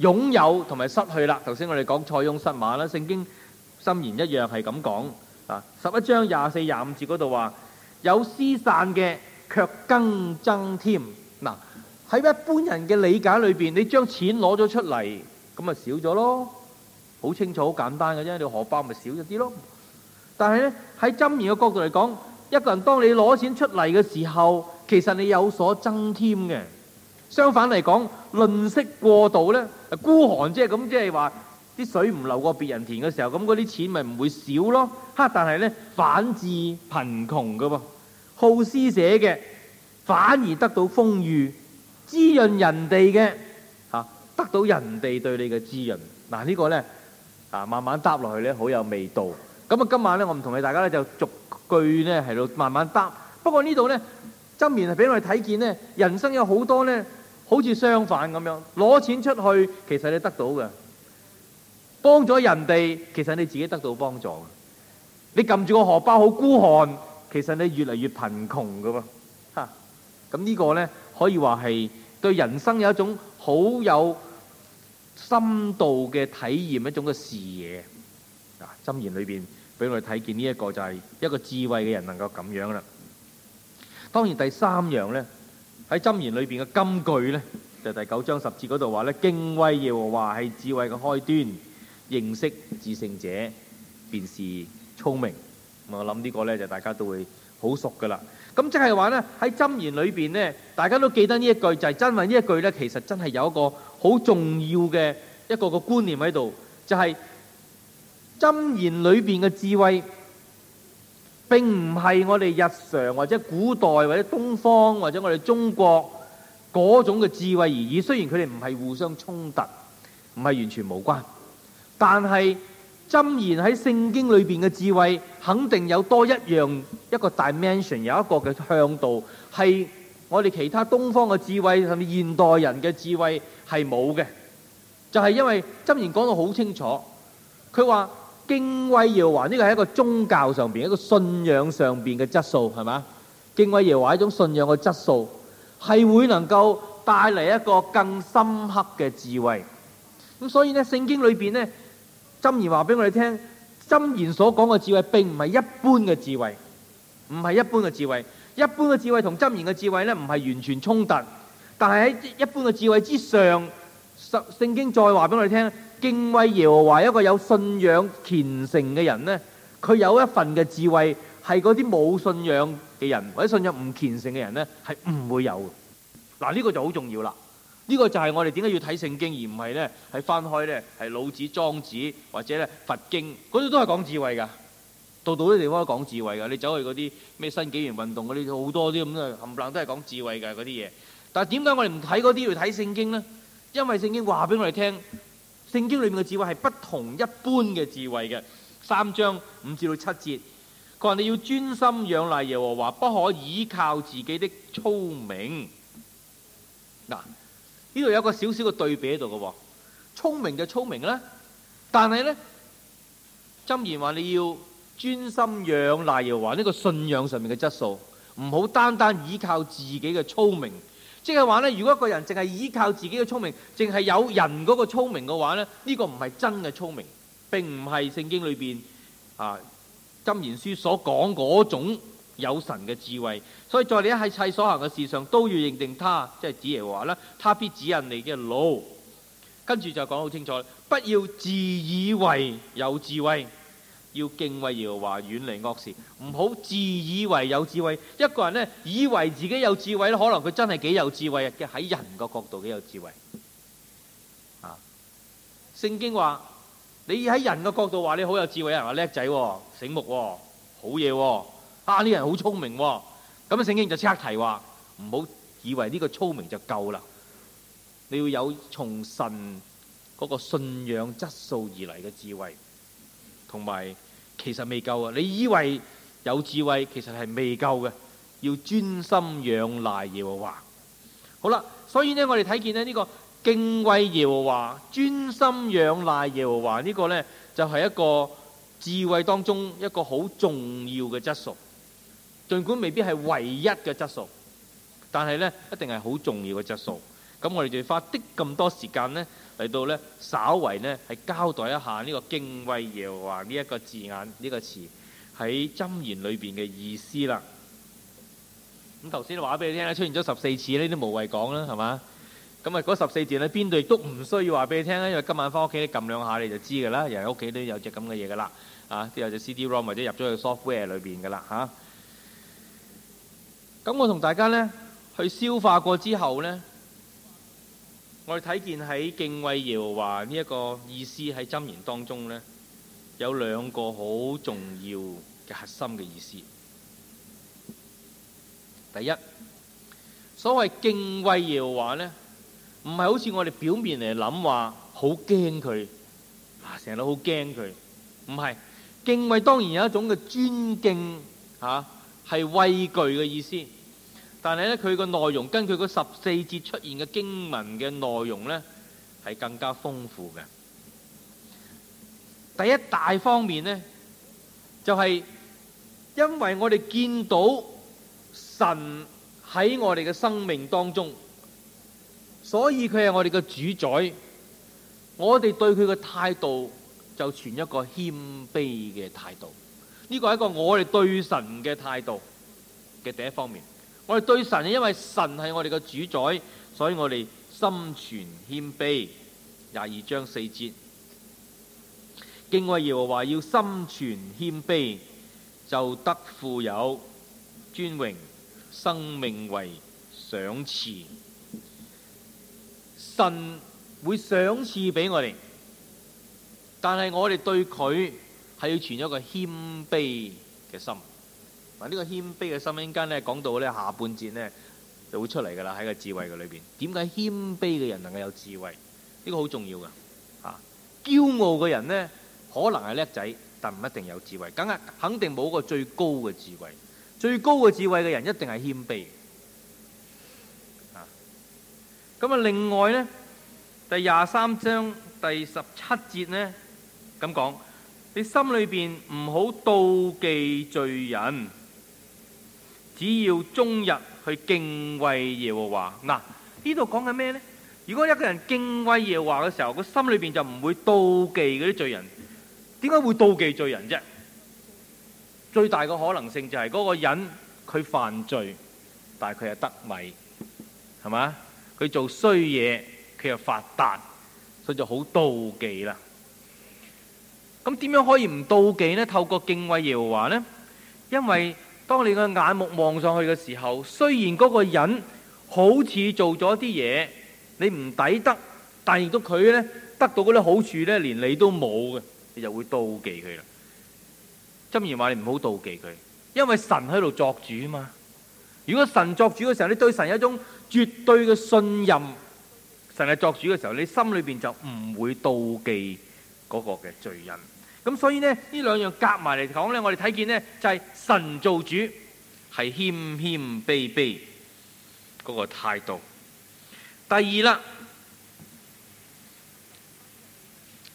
擁有同埋失去啦，頭先我哋講塞翁失馬啦，聖經箴言一樣係咁講啊。十一章廿四廿五節嗰度話：有施散嘅，卻更增添。嗱喺一般人嘅理解裏邊，你將錢攞咗出嚟，咁咪少咗咯，好清楚好簡單嘅啫。你荷包咪少咗啲咯。但係咧，喺箴言嘅角度嚟講，一個人當你攞錢出嚟嘅時候，其實你有所增添嘅。相反嚟講，吝惜過度呢，孤寒即係咁，即係話啲水唔流過別人田嘅時候，咁嗰啲錢咪唔會少咯。哈！但係呢，反致貧窮嘅喎，好施捨嘅反而得到風雨滋潤人哋嘅嚇，得到人哋對你嘅滋潤。嗱、這、呢個呢，啊，慢慢搭落去呢，好有味道。咁啊，今晚咧，我唔同你大家咧，就逐句咧，喺度慢慢答。不過這裡呢度咧，箴言係俾我哋睇見咧，人生有好多咧，好似相反咁樣，攞錢出去，其實你得到嘅，幫咗人哋，其實你自己得到幫助。你撳住個荷包好孤寒，其實你越嚟越貧窮嘅喎。咁，啊，呢個咧，可以話係對人生有一種好有深度嘅體驗，一種嘅視野。啊，箴言裏邊。俾我哋睇見呢一個就係一個智慧嘅人能夠咁樣啦。當然第三樣呢，喺《箴言》裏邊嘅金句呢，就是，第九章十字嗰度話呢，敬畏耶和華係智慧嘅開端，認識至聖者便是聰明。我諗呢個呢，就大家都會好熟噶啦。咁即係話呢，喺《箴言》裏邊呢，大家都記得呢一句就係，是，因為呢一句呢，其實真係有一個好重要嘅一個個觀念喺度，就係，是。箴言裏邊嘅智慧，並唔係我哋日常或者古代或者東方或者我哋中國嗰種嘅智慧而已。雖然佢哋唔係互相衝突，唔係完全無關，但係箴言喺聖經裏邊嘅智慧，肯定有多一樣一個 dimension，有一個嘅向度，係我哋其他東方嘅智慧，甚至現代人嘅智慧係冇嘅。就係、是、因為箴言講到好清楚，佢話。敬畏耶華呢個係一個宗教上邊一個信仰上邊嘅質素，係嘛？敬畏耶華一種信仰嘅質素係會能夠帶嚟一個更深刻嘅智慧。咁所以呢，聖經裏邊呢，箴言話俾我哋聽，箴言所講嘅智慧，並唔係一般嘅智慧，唔係一般嘅智慧。一般嘅智慧同箴言嘅智慧呢，唔係完全衝突。但係喺一般嘅智慧之上，聖經再話俾我哋聽。敬畏耶和華，一個有信仰虔誠嘅人呢，佢有一份嘅智慧，係嗰啲冇信仰嘅人或者信仰唔虔誠嘅人呢，係唔會有。嗱，呢個就好重要啦。呢個就係我哋點解要睇聖經，而唔係呢係，翻開呢，係老子、莊子或者呢佛經，嗰啲都係講智慧噶，到到啲地方都講智慧噶。你走去嗰啲咩新紀元運動嗰啲好多啲咁嘅冚唪唥都係講智慧噶嗰啲嘢。但係點解我哋唔睇嗰啲，要睇聖經呢？因為聖經話俾我哋聽。聖經裏面嘅智慧係不同一般嘅智慧嘅，三章五至到七節，佢話你要專心仰賴耶和華，不可依靠自己的聰明。嗱，呢度有一個小小嘅對比喺度嘅，聰明就聰明啦，但係呢，箴言話你要專心仰賴耶和華呢個信仰上面嘅質素，唔好單單依靠自己嘅聰明。即係話咧，如果一個人淨係依靠自己嘅聰明，淨係有人嗰個聰明嘅話咧，呢個唔係真嘅聰明，並唔係聖經裏邊啊《箴言書》所講嗰種有神嘅智慧。所以在你一切所行嘅事上，都要認定他，即係主耶穌話啦，他必指引你嘅路。跟住就講好清楚，不要自以為有智慧。要敬畏耶和華，遠離惡事，唔好自以為有智慧。一個人呢，以為自己有智慧，可能佢真係幾有智慧嘅，喺人嘅角度幾有智慧。聖經話你喺人嘅角度話你好有智慧，人話叻仔、醒目、好嘢，啊呢人好聰明。咁啊，聖經就即刻提話唔好以為呢個聰明就夠啦，你要有從神嗰個信仰質素而嚟嘅智慧。同埋，其實未夠啊！你以為有智慧，其實係未夠嘅。要專心仰賴耶和華。好啦，所以呢，我哋睇見呢、呢個敬畏耶和華、專心仰賴耶和華呢、呢個呢，就係、是、一個智慧當中一個好重要嘅質素。盡管未必係唯一嘅質素，但係呢，一定係好重要嘅質素。咁我哋就要花啲咁多時間呢。嚟到咧，稍微咧係交代一下呢個敬畏耶和華呢一個字眼呢、這個詞喺箴言裏面嘅意思啦。咁頭先話俾你聽咧，出現咗十四次呢都無謂講啦，係嘛？咁啊，嗰十四字咧，邊度都唔需要話俾你聽啦，因為今晚翻屋企撳兩下你就知噶啦，人哋屋企都有隻咁嘅嘢噶啦，啊，都有隻 CD ROM 或者入咗去 software 裏面噶啦，咁、啊、我同大家咧去消化過之後咧。我哋睇見喺敬畏耶和華呢一個意思喺箴言當中呢，有兩個好重要嘅核心嘅意思。第一，所謂敬畏耶和華呢，唔係好似我哋表面嚟諗話好驚佢，啊成日都好驚佢，唔係。敬畏當然有一種嘅尊敬，吓係畏懼嘅意思。但係咧，佢個內容根據個十四節出現嘅經文嘅內容呢，係更加豐富嘅。第一大方面呢，就係因為我哋見到神喺我哋嘅生命當中，所以佢係我哋嘅主宰。我哋對佢嘅態度就存一個謙卑嘅態度。呢個係一個我哋對神嘅態度嘅第一方面。我哋對神，因為神係我哋嘅主宰，所以我哋心存謙卑。廿二章四節，敬畏耶和華要心存謙卑，就得富有、尊榮、生命為賞賜。神會賞賜俾我哋，但係我哋對佢係要存一個謙卑嘅心。呢個謙卑嘅心，應該呢，講到咧下半節呢就會出嚟噶啦，喺個智慧嘅裏邊。點解謙卑嘅人能夠有智慧？呢個好重要噶。啊，驕傲嘅人呢，可能係叻仔，但唔一定有智慧，梗係肯定冇個最高嘅智慧。最高嘅智慧嘅人一定係謙卑。咁啊，另外呢，第廿三章第十七節呢，咁講，你心裏邊唔好妒忌罪人。只要終日去敬畏耶和華，嗱，呢度講緊咩呢？如果一個人敬畏耶和華嘅時候，佢心裏邊就唔會妒忌嗰啲罪人。點解會妒忌罪人啫？最大嘅可能性就係嗰個人佢犯罪，但係佢又得米，係嘛？佢做衰嘢，佢又發達，所以就好妒忌啦。咁點樣可以唔妒忌呢？透過敬畏耶和華呢？因為。當你嘅眼目望上去嘅時候，雖然嗰個人好似做咗啲嘢，你唔抵得，但係亦都佢得到嗰啲好處咧，連你都冇嘅，你就會妒忌佢啦。箴言話你唔好妒忌佢，因為神喺度作主啊嘛。如果神作主嘅時候，你對神有一種絕對嘅信任，神係作主嘅時候，你心裏邊就唔會妒忌嗰個嘅罪人。咁所以呢，呢兩樣夾埋嚟講呢，我哋睇見呢，就係神做主，係謙謙卑卑嗰個態度。第二啦，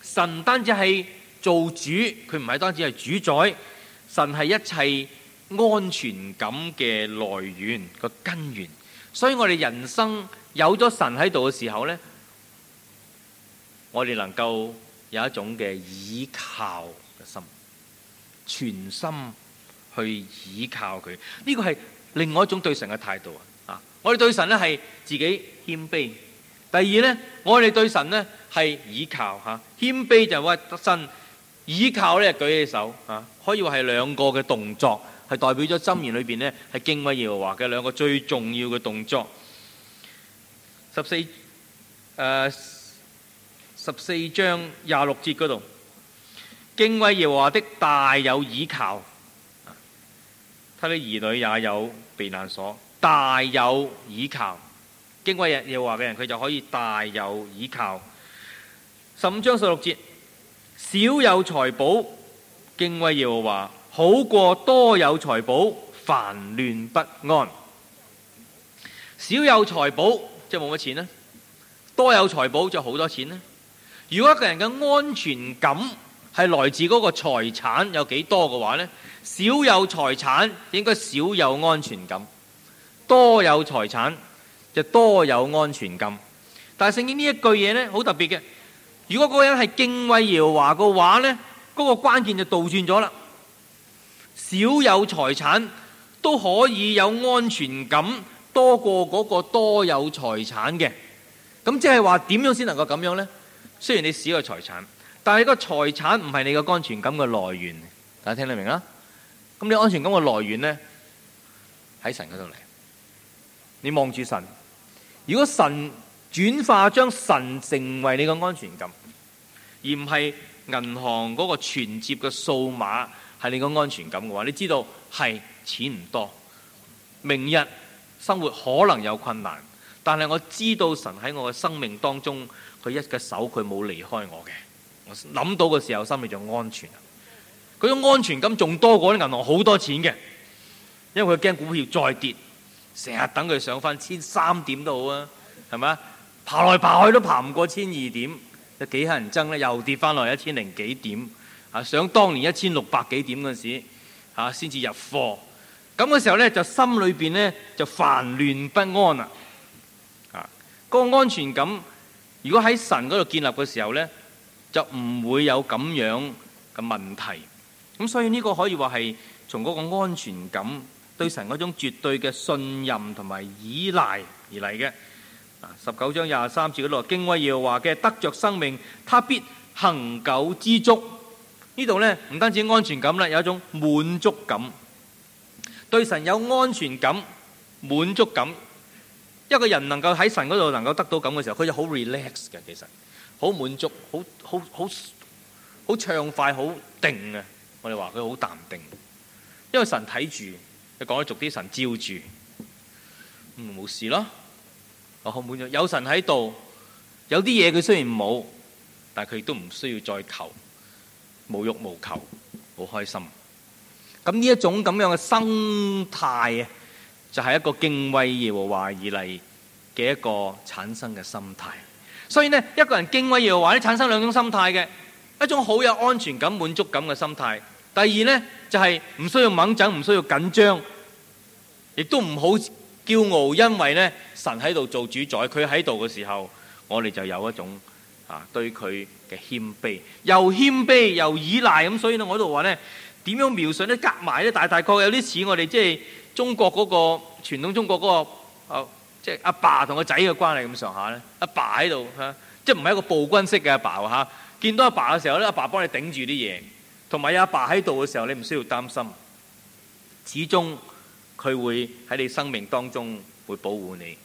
神唔單止係做主，佢唔係單止係主宰，神係一切安全感嘅來源個根源。所以我哋人生有咗神喺度嘅時候呢，我哋能夠。有一種嘅倚靠嘅心，全心去倚靠佢，呢、這個係另外一種對神嘅態度啊！啊，我哋對神咧係自己謙卑；第二呢，我哋對神咧係倚靠嚇，謙卑就屈得身，倚靠呢，舉起手嚇，可以話係兩個嘅動作，係代表咗箴言裏邊呢，係敬畏耶和華嘅兩個最重要嘅動作。十四誒。呃十四章廿六節嗰度，敬畏耶和華的大有倚靠，他的兒女也有避難所，大有倚靠。敬畏耶和華嘅人，佢就可以大有倚靠。十五章十六節，少有財寶，敬畏耶和華好過多有財寶煩亂不安。少有財寶即係冇乜錢呢，多有財寶就好多錢呢。如果一個人嘅安全感係來自嗰個財產有幾多嘅話呢，少有財產應該少有安全感，多有財產就多有安全感。但係聖經呢一句嘢呢好特別嘅，如果嗰個人係敬畏耶和華嘅話呢，嗰個關鍵就倒轉咗啦。少有財產都可以有安全感，多過嗰個多有財產嘅，咁即係話點樣先能夠咁樣呢？雖然你使個財產，但係個財產唔係你個安全感嘅來源，大家聽得明啦？咁你安全感嘅來源呢？喺神嗰度嚟。你望住神，如果神轉化將神成為你個安全感，而唔係銀行嗰個存折嘅數碼係你個安全感嘅話，你知道係錢唔多，明日生活可能有困難。但係我知道神喺我嘅生命當中，佢一個手佢冇離開我嘅。我諗到嘅時候，心裏就安全啦。嗰種安全感仲多過啲銀行好多錢嘅，因為佢驚股票再跌，成日等佢上翻千三點都好啊，係咪？爬來爬去都爬唔過千二點，就幾乞人憎咧，又跌翻落去一千零幾點。啊，想當年一千六百幾點嗰時，啊，先至入貨。咁嘅時候呢，就心裏邊呢，就煩亂不安啦。嗰個安全感，如果喺神嗰度建立嘅時候咧，就唔會有咁樣嘅問題。咁所以呢個可以話係從嗰個安全感對神嗰種絕對嘅信任同埋依賴而嚟嘅。啊，十九章廿三節嗰度，敬畏耶和華嘅得著生命，他必恆久知足。呢度咧唔單止安全感啦，有一種滿足感。對神有安全感、滿足感。一個人能夠喺神嗰度能夠得到咁嘅時候，佢就好 relax 嘅，其實好滿足，好好好好暢快，好定啊！我哋話佢好淡定，因為神睇住，你講得俗啲，神照住，冇事咯。我好滿足，有神喺度，有啲嘢佢雖然冇，但係佢亦都唔需要再求，無欲無求，好開心。咁呢一種咁樣嘅生態啊！就係、是、一個敬畏耶和華以嚟嘅一個產生嘅心態，所以呢，一個人敬畏耶和華咧，產生兩種心態嘅，一種好有安全感滿足感嘅心態，第二呢，就係唔需要掹緊，唔需要緊張，亦都唔好驕傲，因為呢，神喺度做主宰，佢喺度嘅時候，我哋就有一種啊對佢嘅謙卑，又謙卑又依賴咁，所以呢，我喺度話呢，點樣描述呢？夾埋呢，大大概有啲似我哋即係。就是中國嗰個傳統，中國嗰個，哦，即係阿爸同個仔嘅關係咁上下呢，阿爸喺度嚇，即係唔係一個暴君式嘅阿爸喎嚇。見到阿爸嘅時候咧，阿爸幫你頂住啲嘢，同埋阿爸喺度嘅時候，你唔需要擔心。始終佢會喺你生命當中會保護你。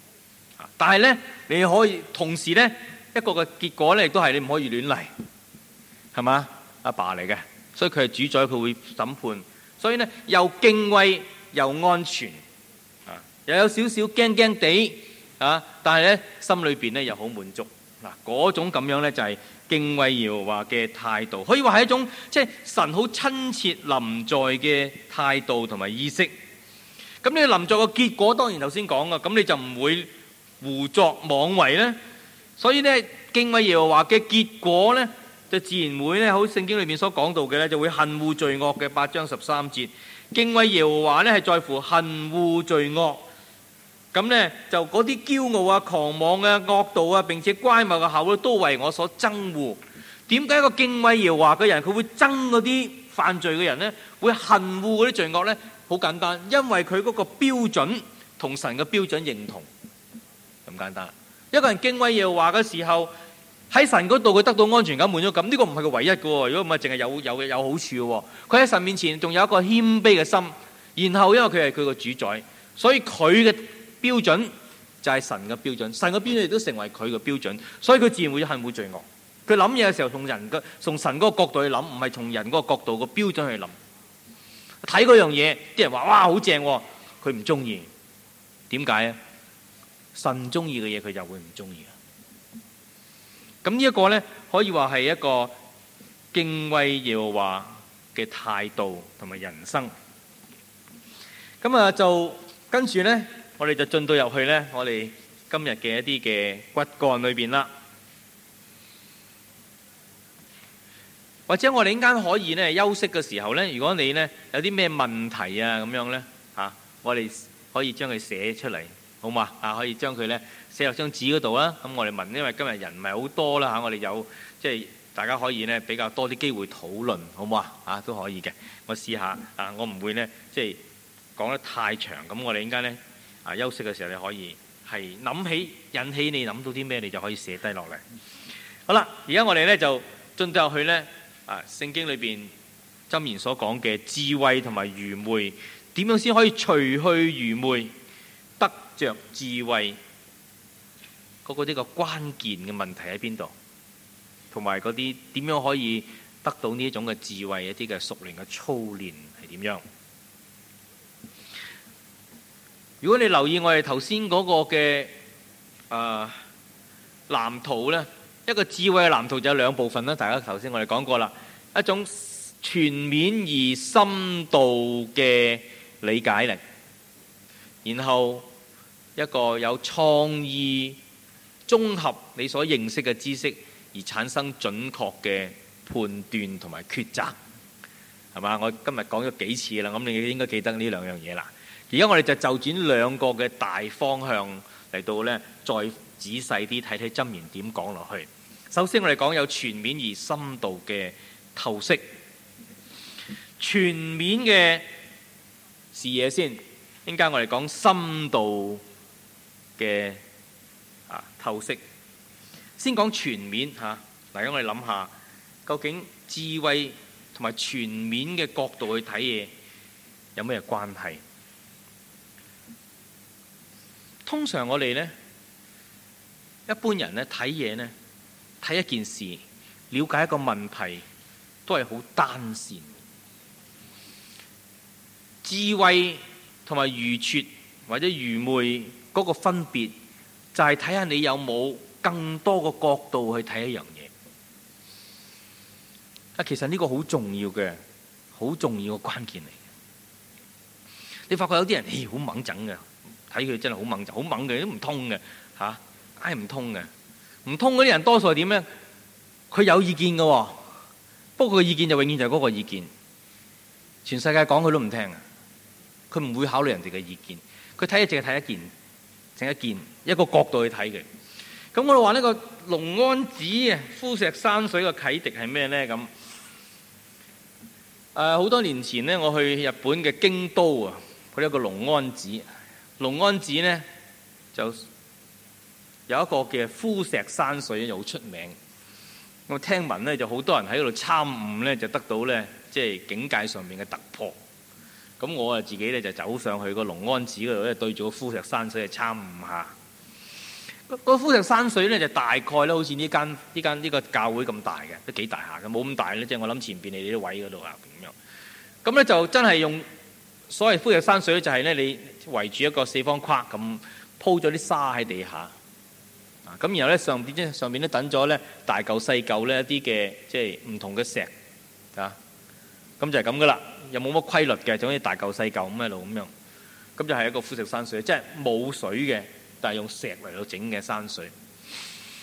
啊、但係呢，你可以同時呢一個嘅結果呢，亦都係你唔可以亂嚟，係嘛？阿爸嚟嘅，所以佢係主宰，佢會審判。所以呢，又敬畏。又安全，啊，又有少少驚驚地啊，但係咧心裏邊咧又好滿足嗱。嗰種咁樣咧就係敬畏耶和華嘅態度，可以話係一種即係神好親切臨在嘅態度同埋意識。咁你臨在嘅結果，當然頭先講噶，咁你就唔會胡作妄為咧。所以咧，敬畏耶和華嘅結果咧，就自然會咧，好聖經裏面所講到嘅咧，就會恨惡罪惡嘅八章十三節。敬畏耶和華咧，係在乎恨惡罪惡。咁咧就嗰啲驕傲啊、狂妄啊、惡道啊，並且乖謬嘅口咧，都為我所憎惡。點解一個敬畏耶和華嘅人，佢會憎嗰啲犯罪嘅人咧？會恨惡嗰啲罪惡咧？好簡單，因為佢嗰個標準同神嘅標準認同，咁簡單。一個人敬畏耶和華嘅時候。喺神嗰度，佢得到安全感、滿足感，呢、這個唔係佢唯一嘅。如果唔係，淨係有有有好處嘅。佢喺神面前仲有一個謙卑嘅心。然後因為佢係佢個主宰，所以佢嘅標準就係神嘅標準。神嘅標準亦都成為佢嘅標準，所以佢自然會恨冇罪惡。佢諗嘢嘅時候從，從人嘅從神嗰個角度去諗，唔係從人嗰個角度嘅標準去諗。睇嗰樣嘢，啲人話哇好正、哦，佢唔中意。點解啊？神中意嘅嘢，佢就會唔中意。咁呢一個呢，可以話係一個敬畏耶和華嘅態度同埋人生。咁啊，就跟住呢，我哋就進到入去呢，我哋今日嘅一啲嘅骨幹裏邊啦。或者我哋陣間可以呢休息嘅時候呢，如果你呢有啲咩問題啊咁樣呢嚇，我哋可以將佢寫出嚟，好嘛？啊，可以將佢呢。寫喺張紙嗰度啦。咁我哋問，因為今日人唔係好多啦嚇，我哋有即係、就是、大家可以呢比較多啲機會討論，好唔好啊？啊都可以嘅。我試下啊，我唔會呢，即係講得太長。咁我哋應該呢，啊休息嘅時候，你可以係諗起引起你諗到啲咩，你就可以寫低落嚟。好啦，而家我哋呢就進咗入去呢。啊聖經裏邊，箴言所講嘅智慧同埋愚昧點樣先可以除去愚昧，得着智慧。嗰個呢個關鍵嘅問題喺邊度？同埋嗰啲點樣可以得到呢種嘅智慧？一啲嘅熟練嘅操練係點樣？如果你留意我哋頭先嗰個嘅啊、呃、藍圖呢，一個智慧嘅藍圖就有兩部分啦。大家頭先我哋講過啦，一種全面而深度嘅理解力，然後一個有創意。綜合你所認識嘅知識而產生準確嘅判斷同埋抉擇，係嘛？我今日講咗幾次啦，咁你應該記得呢兩樣嘢啦。而家我哋就就轉兩個嘅大方向嚟到呢，再仔細啲睇睇箴言點講落去。首先我哋講有全面而深度嘅透析，全面嘅視野先。依家我哋講深度嘅。啊、透析先講全面吓，嗱、啊，我哋諗下，究竟智慧同埋全面嘅角度去睇嘢，有咩關係？通常我哋呢，一般人咧睇嘢呢，睇一件事，了解一個問題，都係好單線。智慧同埋愚拙或者愚昧嗰個分別。就係睇下你有冇更多個角度去睇一樣嘢啊！其實呢個好重要嘅，好重要嘅關鍵嚟。你發覺有啲人好猛整嘅，睇佢真係好猛就好猛嘅都唔通嘅嚇，唉唔通嘅，唔通嗰啲人多數係點咧？佢有意見嘅、哦，不過佢個意見就永遠就係嗰個意見。全世界講佢都唔聽啊！佢唔會考慮人哋嘅意見，佢睇一淨係睇一件，整一件，一個角度去睇嘅。咁、嗯、我哋話呢個龍安寺嘅枯石山水嘅啟迪係咩呢？咁、嗯、誒，好多年前呢，我去日本嘅京都啊，去一個龍安寺，龍安寺呢，就有一個嘅枯石山水又好出名。我、嗯、聽聞呢，就好多人喺度參悟呢，就得到呢，即、就、係、是、境界上面嘅突破。咁我啊自己咧就走上去個龍安寺嗰度咧，對住個枯石山水嚟參悟下。個枯石山水咧就大概咧好似呢間呢間呢個教會咁大嘅，都幾大下嘅，冇咁大咧。即係我諗前邊你哋啲位嗰度啊咁樣。咁咧就真係用所謂枯石山水咧，就係咧你圍住一個四方框咁鋪咗啲沙喺地下啊。咁然後咧上邊咧上邊咧等咗咧大嚿細嚿咧一啲嘅即係唔同嘅石啊。咁就係咁噶啦。又冇乜規律嘅，總之大嚿細嚿咁一路咁樣，咁就係一個枯石山水，即係冇水嘅，但係用石嚟到整嘅山水。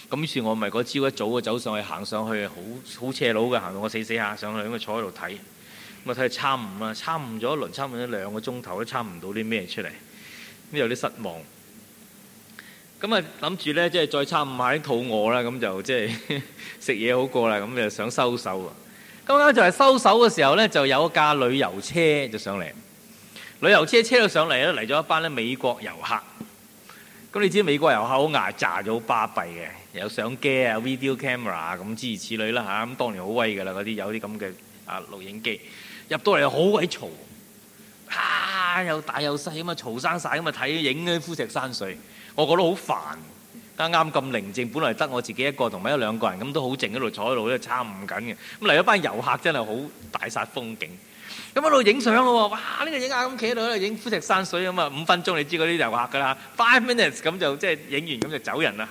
咁於是我那，我咪嗰朝一早啊走上去行上去，好好斜路嘅行到我死死下上去，咁啊坐喺度睇，咁啊睇佢參悟啊參悟咗一輪，參悟咗兩個鐘頭都參唔到啲咩出嚟，咁有啲失望。咁啊諗住咧，即係再參悟下啲肚餓啦，咁就即係食嘢好過啦，咁就想收手。剛剛就係收手嘅時候呢，就有一架旅遊車就上嚟。旅遊車車到上嚟咧，嚟咗一班咧美國遊客。咁你知道美國遊客好牙炸咗，巴閉嘅，有相機啊、video camera 咁諸如此類啦。咁當年好威㗎啦，嗰啲有啲咁嘅啊錄影機入到嚟好鬼嘈，又、啊、大又細咁啊嘈生晒咁啊睇影啲枯石山水，我覺得好煩。啱啱咁寧靜，本來得我自己一個，同埋一兩個人咁都好靜，喺度坐喺度咧參唔緊嘅。咁嚟咗班遊客，真係好大煞風景。咁喺度影相咯，哇！呢個影阿咁企喺度喺度影枯石山水咁啊，五分鐘你知嗰啲遊客噶啦，five minutes 咁就即係影完咁就走人啦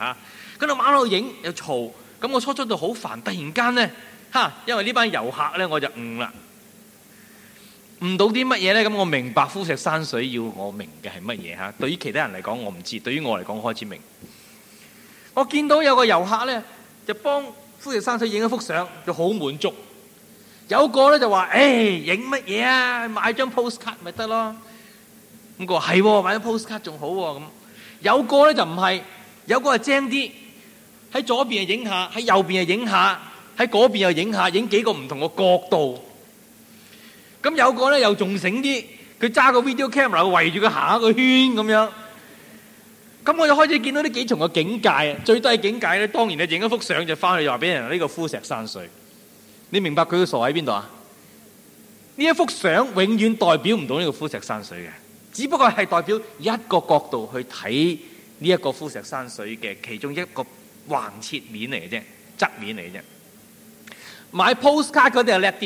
吓，咁度馬騮影又嘈，咁我初初就好煩。突然間咧，吓，因為呢班遊客咧，我就悟啦，悟到啲乜嘢咧？咁我明白枯石山水要我明嘅係乜嘢吓？對於其他人嚟講，我唔知；對於我嚟講，開始明。我見到有個遊客咧，就幫富士山水影一幅相，就好滿足。有個咧就話，誒，影乜嘢啊？買張 postcard 咪得咯。咁個話：係喎，買張 postcard 仲好喎。咁有個咧就唔係，有個係精啲，喺左邊又影下，喺右邊又影下，喺嗰邊又影下，影幾個唔同嘅角度。咁有個咧又仲醒啲，佢揸個 video camera 圍住佢行一個圈咁樣。咁我就開始見到呢幾重嘅境界，最低境界咧，當然你影一幅相就翻去又話俾人呢個枯石山水。你明白佢嘅傻喺邊度啊？呢一幅相永遠代表唔到呢個枯石山水嘅，只不過係代表一個角度去睇呢一個枯石山水嘅其中一個橫切面嚟嘅啫，側面嚟嘅啫。買 postcard 嗰啲又叻啲，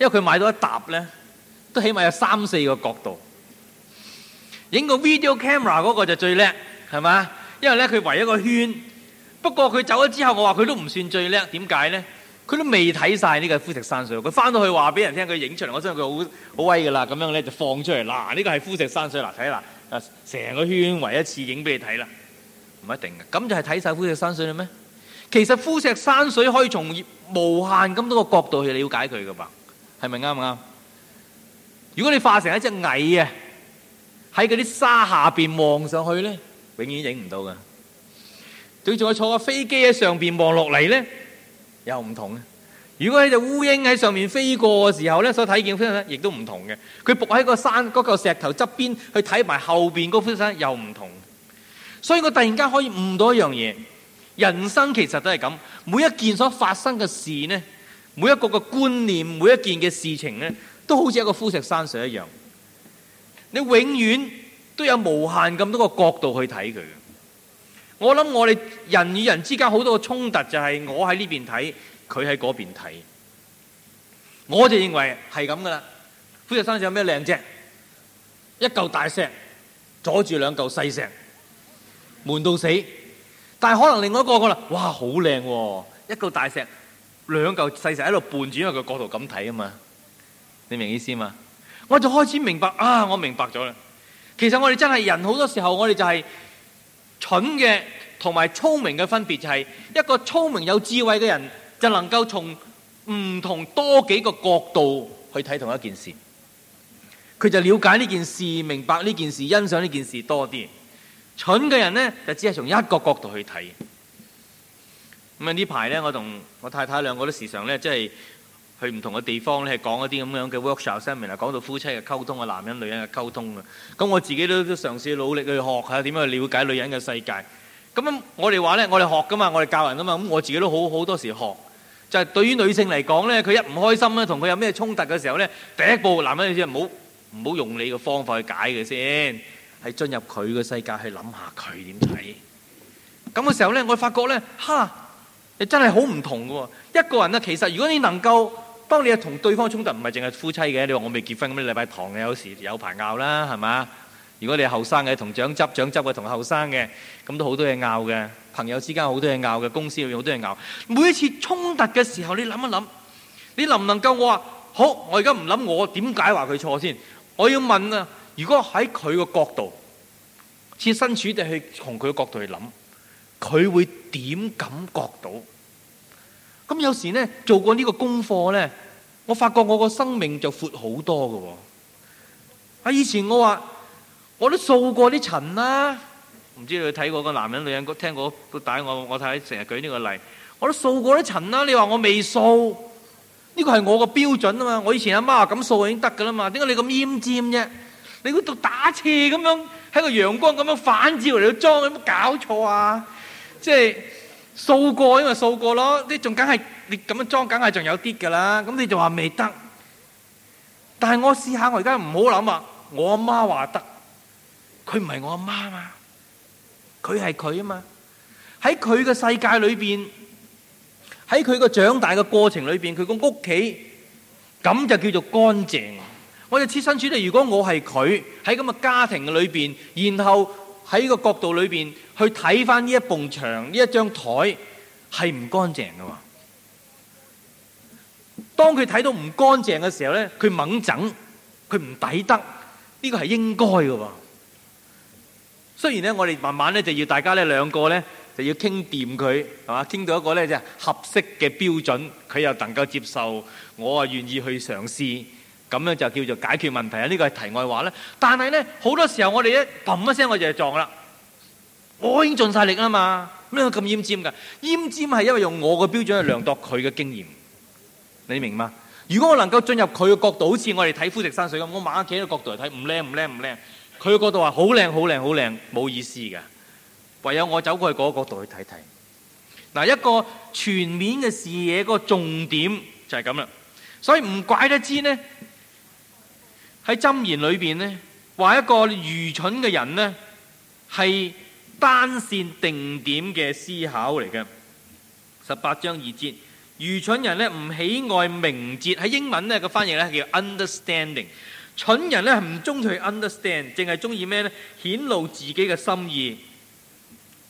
因為佢買到一沓咧，都起碼有三四個角度。影個 video camera 嗰個就最叻，係嘛？因為咧佢圍一個圈，不過佢走咗之後，我話佢都唔算最叻，點解咧？佢都未睇晒呢個枯石山水。佢翻到去話俾人聽，佢影出嚟，我相信佢好好威噶啦。咁樣咧就放出嚟嗱，呢個係枯石山水嗱，睇下，成個圈圍一次影俾你睇啦，唔一定嘅。咁就係睇晒枯石山水啦咩？其實枯石山水可以從無限咁多個角度去了解佢噶吧，係咪啱唔啱？如果你化成一隻蟻啊！喺嗰啲沙下邊望上去咧，永遠影唔到噶。佢仲係坐架飛機喺上邊望落嚟咧，又唔同啊！如果喺隻烏蠅喺上面飛過嘅時候咧，所睇見亦都唔同嘅。佢伏喺個山嗰嚿石頭側邊去睇埋後邊嗰幅山又唔同。所以我突然間可以悟到一樣嘢：人生其實都係咁，每一件所發生嘅事呢，每一個嘅觀念，每一件嘅事情呢，都好似一個枯石山水一樣。你永遠都有無限咁多個角度去睇佢。我諗我哋人與人之間好多個衝突就係我喺呢邊睇，佢喺嗰邊睇。我就認為係咁噶啦。灰石山上有咩靚啫？一嚿大石阻住兩嚿細石，悶到死。但係可能另外一個噶啦，哇，好靚喎！一嚿大石，兩嚿細石喺度伴住，因為佢角度咁睇啊嘛。你明意思嘛？我就開始明白啊！我明白咗啦。其實我哋真係人好多時候，我哋就係蠢嘅同埋聰明嘅分別就係、是，一個聰明有智慧嘅人就能夠從唔同多幾個角度去睇同一件事。佢就了解呢件事，明白呢件事，欣賞呢件事多啲。蠢嘅人呢，就只係從一個角度去睇。咁啊，呢排呢，我同我太太兩個都時常呢，即係。去唔同嘅地方咧，係講一啲咁樣嘅 workshop、seminar 講到夫妻嘅溝通啊，男人、女人嘅溝通啊。咁我自己都都嘗試努力去學下點樣去了解女人嘅世界。咁我哋話咧，我哋學㗎嘛，我哋教人㗎嘛。咁我自己都好好多時學，就係對於女性嚟講咧，佢一唔開心咧，同佢有咩衝突嘅時候咧，第一步男人你先唔好唔好用你嘅方法去解嘅先，係進入佢嘅世界去諗下佢點睇。咁嘅時候咧，我發覺咧，哈，你真係好唔同㗎喎。一個人呢，其實如果你能夠當你係同對方衝突，唔係淨係夫妻嘅。你話我未結婚咁，你禮拜堂嘅有時有排拗啦，係嘛？如果你係後生嘅，同長執長執嘅同後生嘅，咁都好多嘢拗嘅。朋友之間好多嘢拗嘅，公司裏面好多嘢拗。每一次衝突嘅時候，你諗一諗，你能唔能夠我話好？我而家唔諗我點解話佢錯先。我要問啊，如果喺佢個角度，設身處地去從佢嘅角度去諗，佢會點感覺到？咁、嗯、有時咧做過呢個功課咧，我發覺我個生命就闊好多嘅喎。啊！以前我話我都掃過啲塵啦，唔知你睇過個男人女人，聽過個帶我，我睇成日舉呢個例，我都掃過啲塵啦、啊啊。你話我未掃？呢個係我個標準啊嘛。我以前阿媽話咁掃已經得㗎啦嘛。點解你咁奄尖啫、啊？你嗰度打斜咁樣喺個陽光咁樣反照嚟裝，有冇搞錯啊？即係。數過，因為數過咯，你仲梗係你咁樣裝，梗係仲有啲㗎啦。咁你就話未得？但係我試下，我而家唔好諗啊！我阿媽話得，佢唔係我阿媽嘛，佢係佢啊嘛。喺佢嘅世界裏邊，喺佢個長大嘅過程裏邊，佢個屋企咁就叫做乾淨。我哋設身處地，如果我係佢喺咁嘅家庭嘅裏邊，然後。喺這個角度裏面去睇翻呢一埲牆，呢一張台係唔乾淨嘅。當佢睇到唔乾淨嘅時候呢，佢猛整，佢唔抵得。呢、這個係應該嘅。雖然我哋慢慢就要大家兩兩個就要傾掂佢係嘛，傾到一個合適嘅標準，佢又能夠接受，我願願意去嘗試。咁咧就叫做解決問題啊！呢個係題外話咧。但係咧好多時候我哋一砰一聲我就係撞啦。我已經盡晒力啦嘛，咩咁奄尖㗎？奄尖係因為用我個標準去量度佢嘅經驗，你明嗎？如果我能夠進入佢嘅角度，好似我哋睇枯石山水咁，我馬企喺個角度嚟睇，唔靚唔靚唔靚。佢嘅角度話好靚好靚好靚，冇意思嘅。唯有我走過去嗰個角度去睇睇。嗱，一個全面嘅視野，個重點就係咁啦。所以唔怪得之呢。喺箴言裏邊咧，話一個愚蠢嘅人咧係單線定點嘅思考嚟嘅。十八章二節，愚蠢人咧唔喜愛明哲，喺英文咧個翻譯咧叫 understanding，蠢人咧係唔中意去 understand，淨係中意咩咧？顯露自己嘅心意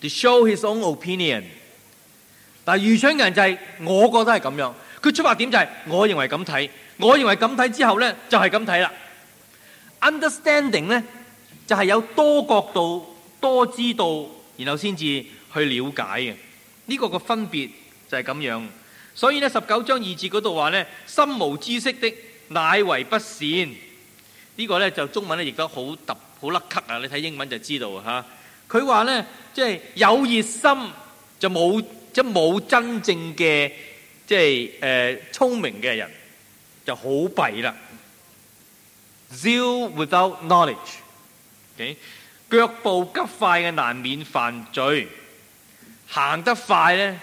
，to show his own opinion。但，愚蠢人就係我覺得係咁樣，佢出發點就係我認為咁睇，我認為咁睇之後咧就係咁睇啦。Understanding 呢，就係有多角度、多知道，然後先至去了解嘅。呢、這個個分別就係咁樣。所以呢，十九章二字嗰度話呢，「心無知識的乃為不善」。呢、這個呢，就中文呢，亦都好突好甩 cut 啊！你睇英文就知道。佢話呢，即、就、係、是、有熱心就冇即冇真正嘅即係聰明嘅人就好弊啦。Zeal without knowledge，OK，、okay? 腳步急快嘅難免犯罪，行得快呢，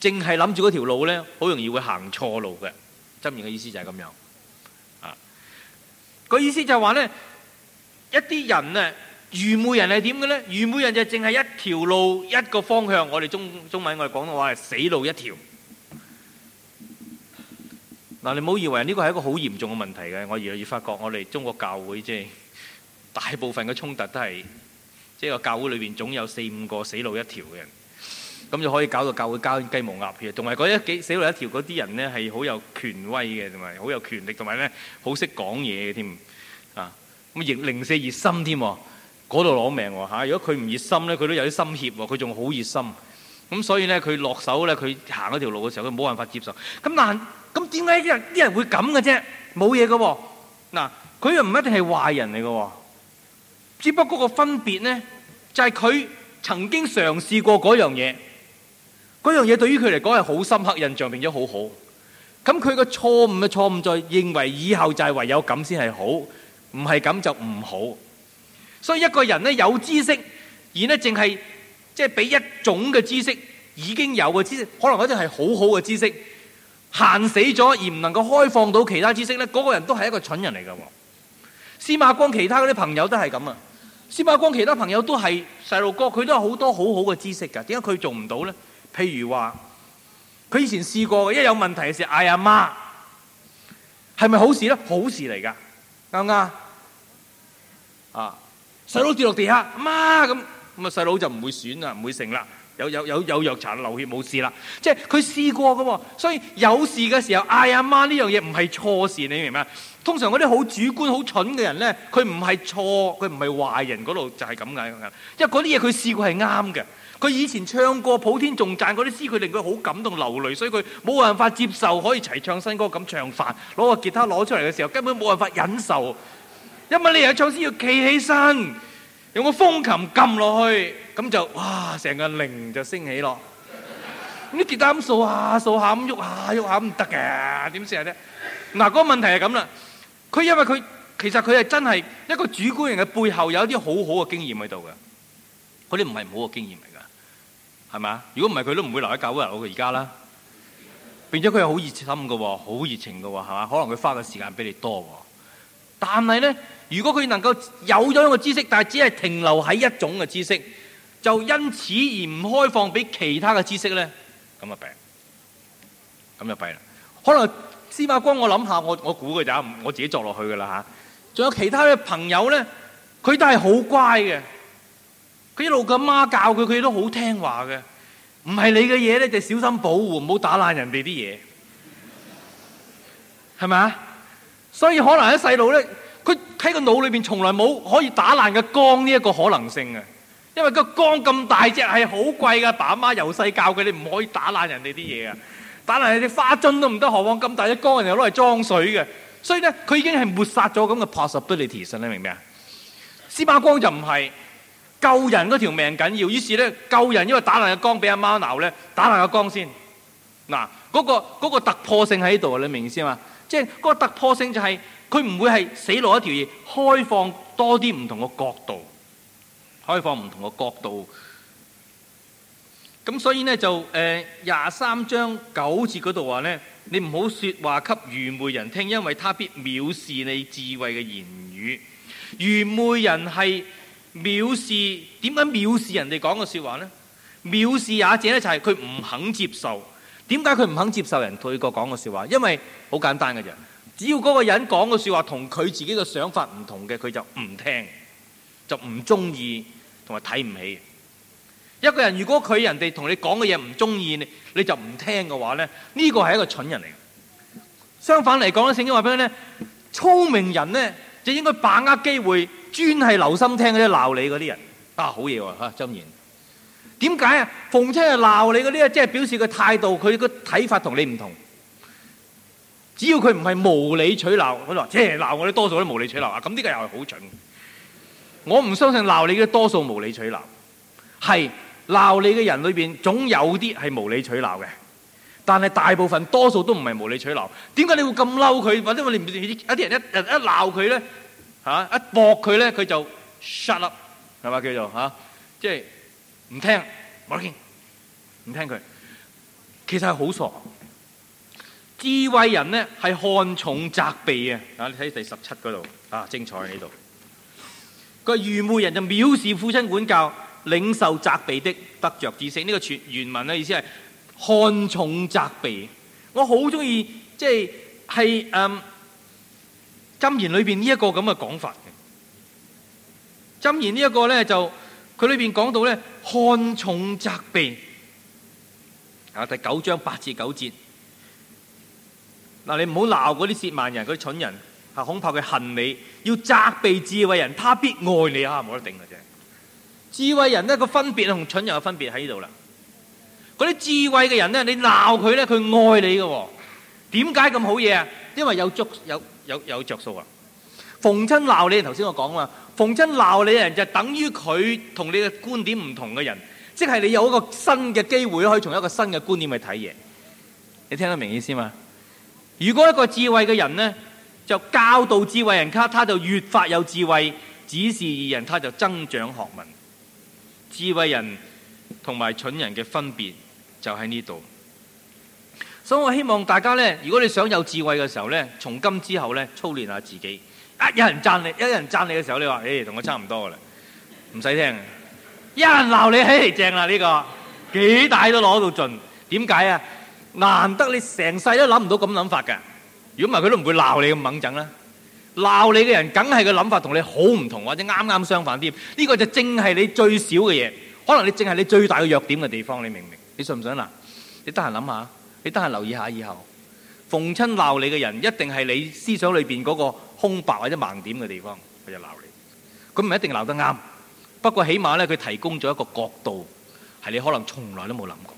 淨係諗住嗰條路呢，好容易會行錯路嘅。箴言嘅意思就係咁樣，啊，個意思就係話呢，一啲人呢，愚昧人係點嘅呢？愚昧人就淨係一條路一個方向，我哋中中文我哋廣東話係死路一條。嗱，你唔好以為呢個係一個好嚴重嘅問題嘅。我越嚟越發覺，我哋中國教會即係大部分嘅衝突都係即係個教會裏邊總有四五個死路一條嘅人，咁就可以搞到教會交雞毛鴨血。同埋嗰一幾死路一條嗰啲人呢，係好有權威嘅，同埋好有權力，同埋呢好識講嘢嘅添啊。咁亦零舍熱心添，嗰度攞命嚇。如果佢唔熱心呢，佢都有啲心怯喎。佢仲好熱心，咁所以呢，佢落手呢，佢行嗰條路嘅時候，佢冇辦法接受咁難。但咁點解啲人啲人會咁嘅啫？冇嘢嘅喎，嗱，佢又唔一定係壞人嚟嘅喎。只不過個分別咧，就係佢曾經嘗試過嗰樣嘢，嗰樣嘢對於佢嚟講係好深刻印象，並且好好。咁佢嘅錯誤嘅錯誤在認為以後就係唯有咁先係好，唔係咁就唔好。所以一個人咧，有知識，而呢淨係即係俾一種嘅知識已經有嘅知識，可能嗰啲係好好嘅知識。限死咗而唔能夠開放到其他知識咧，嗰個人都係一個蠢人嚟噶。司馬光其他嗰啲朋友都係咁啊。司馬光其他朋友都係細路哥，佢都有好多好好嘅知識噶。點解佢做唔到咧？譬如話，佢以前試過嘅，一有問題嘅時嗌阿媽，係咪好事咧？好事嚟噶，啱唔啱？啊，細佬跌落地下，阿媽咁，咪細佬就唔會損啊，唔會成啦。有有有有，藥，搽，流血冇事啦，即係佢試過㗎嘛。所以有事嘅時候嗌阿媽呢樣嘢唔係錯事，你明唔明？通常嗰啲好主觀、好蠢嘅人咧，佢唔係錯，佢唔係壞人，嗰度就係咁解嘅。因為嗰啲嘢佢試過係啱嘅，佢以前唱過《普天頌讚》嗰啲詩，佢令佢好感動流淚，所以佢冇辦法接受可以齊唱新歌咁唱法。攞個吉他攞出嚟嘅時候根本冇辦法忍受，因為你又唱先要企起身。用個風琴撳落去，咁就哇，成個鈴就升起咯。咁 啲吉他咁掃下掃下咁喐下喐下唔得嘅，點算啫？嗱，怎麼那個問題係咁啦，佢因為佢其實佢係真係一個主觀人嘅背後有一啲好好嘅經驗喺度嘅，嗰啲唔係唔好嘅經驗嚟㗎，係咪啊？如果唔係，佢都唔會留喺教會度嘅而家啦。並且佢係好熱心嘅，好熱情嘅，係嘛？可能佢花嘅時間比你多，但係咧。如果佢能夠有咗一個知識，但係只係停留喺一種嘅知識，就因此而唔開放俾其他嘅知識呢？咁啊弊，咁就弊啦。可能司馬光，我諗下，我我估佢就，我自己作落去㗎喇吓。仲有其他嘅朋友呢，佢都係好乖嘅，佢一路個媽媽教佢，佢都好聽話嘅。唔係你嘅嘢呢，就小心保護，唔好打爛人哋啲嘢，係咪啊？所以可能喺細路呢。喺個腦裏邊從來冇可以打爛嘅缸呢一個可能性嘅，因為個缸咁大，只係好貴噶，爸阿媽由細教嘅，你唔可以打爛人哋啲嘢啊！打爛隻花樽都唔得，何況咁大隻缸人哋攞嚟裝水嘅。所以咧，佢已經係抹殺咗咁嘅 possibilities，i 信你明唔明啊？司馬光就唔係，救人嗰條命緊要，於是咧救人，因為打爛個缸俾阿媽鬧咧，打爛光那那個缸先。嗱，嗰個個突破性喺度，啊，你明唔意思先嘛？即係個突破性就係、是。佢唔會係死落一條嘢，開放多啲唔同嘅角度，開放唔同嘅角度。咁所以呢，就誒廿三章九節嗰度話呢，你唔好説話給愚昧人聽，因為他必藐視你智慧嘅言語。愚昧人係藐視，點解藐視人哋講嘅説話呢？藐視也者呢，就係佢唔肯接受。點解佢唔肯接受人對佢講嘅説話？因為好簡單嘅啫。只要嗰個人講嘅説話同佢自己嘅想法唔同嘅，佢就唔聽，就唔中意，同埋睇唔起。一個人如果佢人哋同你講嘅嘢唔中意，你你就唔聽嘅話呢，呢個係一個蠢人嚟。相反嚟講咧，聖經話畀你聽，聰明人呢，就應該把握機會，專係留心聽嗰啲鬧你嗰啲人。啊，好嘢喎！嚇、啊，箴言。點解啊？逢親係鬧你嗰啲，即係表示佢態度，佢個睇法同你唔同。只要佢唔係無理取鬧，佢就話，即係鬧我啲多數都無理取鬧啊！咁呢個又係好蠢。我唔相信鬧你嘅多數無理取鬧，係鬧你嘅人裏邊總有啲係無理取鬧嘅，但係大部分多數都唔係無理取鬧。點解你會咁嬲佢？或者你唔一啲人一一鬧佢咧嚇，一駁佢咧佢就 shut up 係嘛？叫做嚇，即係唔聽，唔聽佢，其實係好傻。智慧人呢係看重責備嘅，啊！你睇第十七嗰度啊，精彩喺呢度。個愚昧人就藐視父親管教，領受責備的得着自識。呢、這個全原文嘅意思係看重責備。我好中意即係係嗯，箴言裏邊呢一個咁嘅講法。箴言這個呢一個咧就佢裏邊講到咧看重責備，啊，第九章八至九節。嗱，你唔好鬧嗰啲褻慢人、嗰啲蠢人，係恐怕佢恨你，要責備智慧人，他必愛你啊，冇得頂嘅啫。智慧人咧，個分別同蠢人嘅分別喺呢度啦。嗰啲智慧嘅人咧，你鬧佢咧，佢愛你嘅。點解咁好嘢啊？因為有足有有有着數啊。逢親鬧你，頭先我講啊，逢親鬧你嘅人就等於佢同你嘅觀點唔同嘅人，即係你有一個新嘅機會可以從一個新嘅觀點去睇嘢。你聽得明意思嘛？如果一個智慧嘅人呢，就教導智慧人，卡，他就越發有智慧；指示義人，他就增長學問。智慧人同埋蠢人嘅分別就喺呢度。所以我希望大家呢，如果你想有智慧嘅時候呢，從今之後呢，操練下自己。一、啊、有人讚你，一人讚你嘅時候，你話，誒、欸，同我差唔多噶啦，唔使聽。一人鬧你，嘿、欸，正啦，呢、這個幾大都攞到盡。點解啊？難得你成世都諗唔到咁諗法嘅，如果唔係佢都唔會鬧你咁猛整啦。鬧你嘅人，梗係個諗法同你好唔同，或者啱啱相反啲。呢個就正係你最少嘅嘢，可能你正係你最大嘅弱點嘅地方。你明唔明？你信唔信？嗱，你得閒諗下，你得閒留意下以後，逢親鬧你嘅人，一定係你思想裏邊嗰個空白或者盲點嘅地方，佢就鬧你。佢唔係一定鬧得啱，不過起碼咧，佢提供咗一個角度，係你可能從來都冇諗過。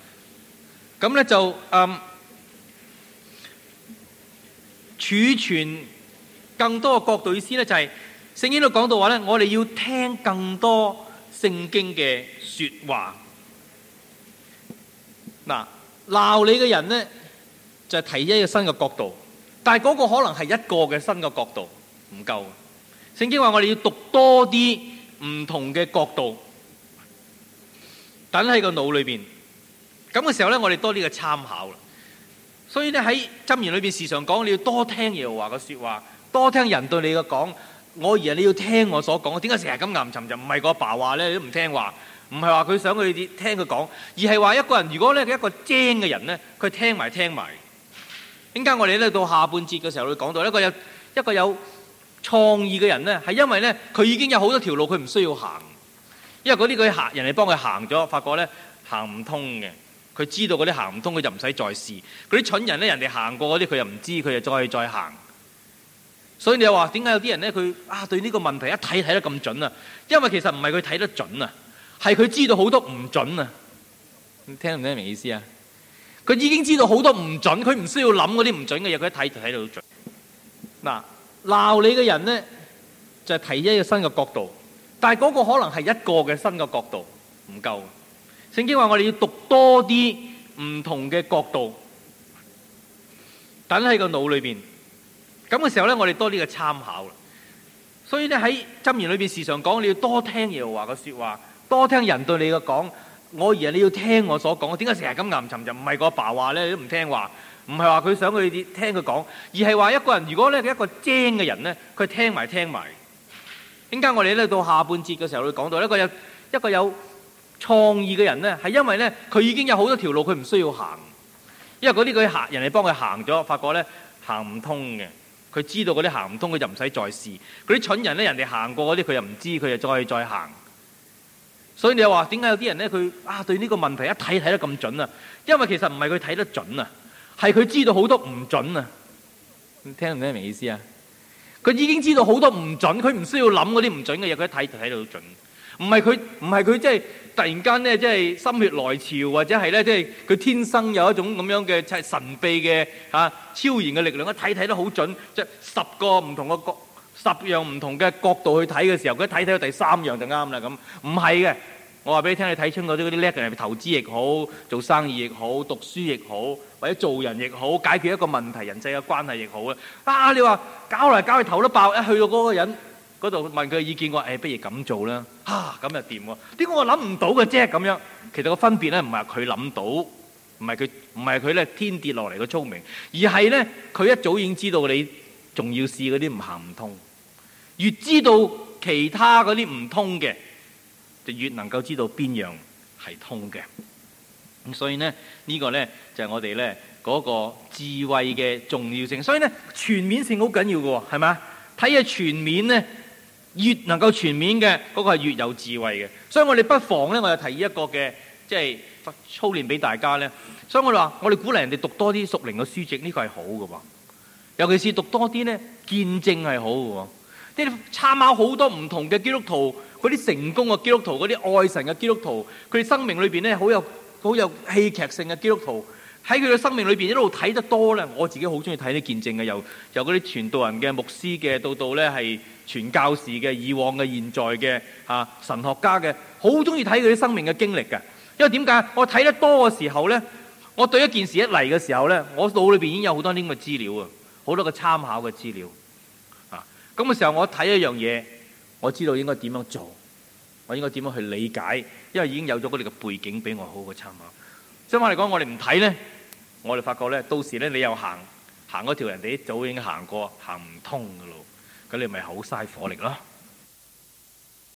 咁咧就嗯儲存更多嘅角度意思咧就係聖經都講到話咧，我哋要聽更多聖經嘅說話。嗱，鬧你嘅人咧就係提一個新嘅角度，但係嗰個可能係一個嘅新嘅角度唔夠。聖經話我哋要讀多啲唔同嘅角度，等喺個腦裏邊。咁嘅時候咧，我哋多啲嘅參考啦。所以咧喺箴言裏面，時常講，你要多聽耶和華嘅說話，多聽人對你嘅講。我而家你要聽我所講。點解成日咁吟沉？就唔係個爸話咧你都唔聽話，唔係話佢想佢聽佢講，而係話一個人如果咧佢一個精嘅人咧，佢聽埋聽埋。點解我哋咧到下半節嘅時候會講到一個有一個有創意嘅人咧，係因為咧佢已經有好多條路，佢唔需要行，因為嗰啲佢行人哋幫佢行咗，發覺咧行唔通嘅。佢知道嗰啲行唔通，佢就唔使再試。嗰啲蠢人咧，人哋行過嗰啲，佢又唔知，佢又再再行。所以你又話點解有啲人咧，佢啊對呢個問題一睇睇得咁準啊？因為其實唔係佢睇得準啊，係佢知道好多唔準啊。你聽唔聽明意思啊？佢已經知道好多唔準，佢唔需要諗嗰啲唔準嘅嘢，佢一睇就睇到準。嗱，鬧你嘅人咧，就係提一個新嘅角度，但係嗰個可能係一個嘅新嘅角度唔夠。不夠聖經話：我哋要讀多啲唔同嘅角度，等喺個腦裏面。咁嘅時候呢，我哋多啲嘅參考啦。所以呢，喺箴言裏面，時常講，你要多聽耶和華嘅說話，多聽人對你嘅講。我而家你要聽我所講。點解成日咁吟沉？就唔係個爸話呢，你都唔聽話。唔係話佢想佢聽佢講，而係話一個人如果呢一個精嘅人呢，佢聽埋聽埋。點解我哋呢到下半節嘅時候，會講到一個有一個有。創意嘅人呢，係因為呢，佢已經有好多條路，佢唔需要行，因為嗰啲佢行人哋幫佢行咗，發覺呢，行唔通嘅，佢知道嗰啲行唔通，佢就唔使再試。嗰啲蠢人呢，人哋行過嗰啲，佢又唔知，佢又再再行。所以你又話點解有啲人呢，佢啊對呢個問題一睇睇得咁準啊？因為其實唔係佢睇得準啊，係佢知道好多唔準啊。你聽唔明咩意思啊？佢已經知道好多唔準，佢唔需要諗嗰啲唔準嘅嘢，佢一睇就睇到準。唔係佢唔係佢即係。突然間呢，即係心血來潮，或者係呢，即係佢天生有一種咁樣嘅即係神秘嘅嚇、啊、超然嘅力量。一睇睇得好準，即係十個唔同嘅角，十樣唔同嘅角度去睇嘅時候，佢一睇睇到第三樣就啱啦咁。唔係嘅，我話俾你聽，你睇清楚啲嗰啲叻嘅人，投資亦好，做生意亦好，讀書亦好，或者做人亦好，解決一個問題、人際嘅關係亦好啊！啊，你話搞嚟搞去頭都爆，一去到嗰個人。嗰度問佢意見，我話：哎，不如咁做啦！嚇、啊，咁又掂喎？點解我諗唔到嘅啫？咁樣，其實個分別咧，唔係佢諗到，唔係佢，唔係佢咧，天跌落嚟嘅聰明，而係咧，佢一早已經知道你仲要試嗰啲唔行唔通，越知道其他嗰啲唔通嘅，就越能夠知道邊樣係通嘅。咁所以呢，這個、呢個咧就係、是、我哋咧嗰個智慧嘅重要性。所以咧，全面性好緊要㗎喎，係咪？睇下全面咧。越能夠全面嘅嗰個係越有智慧嘅，所以我哋不妨咧，我又提議一個嘅，即係操練俾大家咧。所以我哋話，我哋鼓勵人哋讀多啲屬靈嘅書籍，呢個係好嘅喎。尤其是讀多啲咧，見證係好嘅喎。即係參考好多唔同嘅基督徒，嗰啲成功嘅基督徒，嗰啲愛神嘅基督徒，佢哋生命裏邊咧好有好有戲劇性嘅基督徒。喺佢嘅生命裏邊一路睇得多呢，我自己好中意睇啲見證嘅，由由嗰啲傳道人嘅牧師嘅，到到呢係傳教士嘅，以往嘅、現在嘅，吓神學家嘅，好中意睇佢啲生命嘅經歷嘅。因為點解？我睇得多嘅時候呢，我對一件事一嚟嘅時候呢，我腦裏邊已經有好多呢個資料啊，好多個參考嘅資料啊。咁嘅時候我睇一樣嘢，我知道應該點樣做，我應該點樣去理解，因為已經有咗佢哋嘅背景俾我好嘅參考。相反嚟講，我哋唔睇咧，我哋發覺咧，到時咧你又行行嗰條人哋早已經行過，行唔通噶咯，咁你咪好嘥火力咯。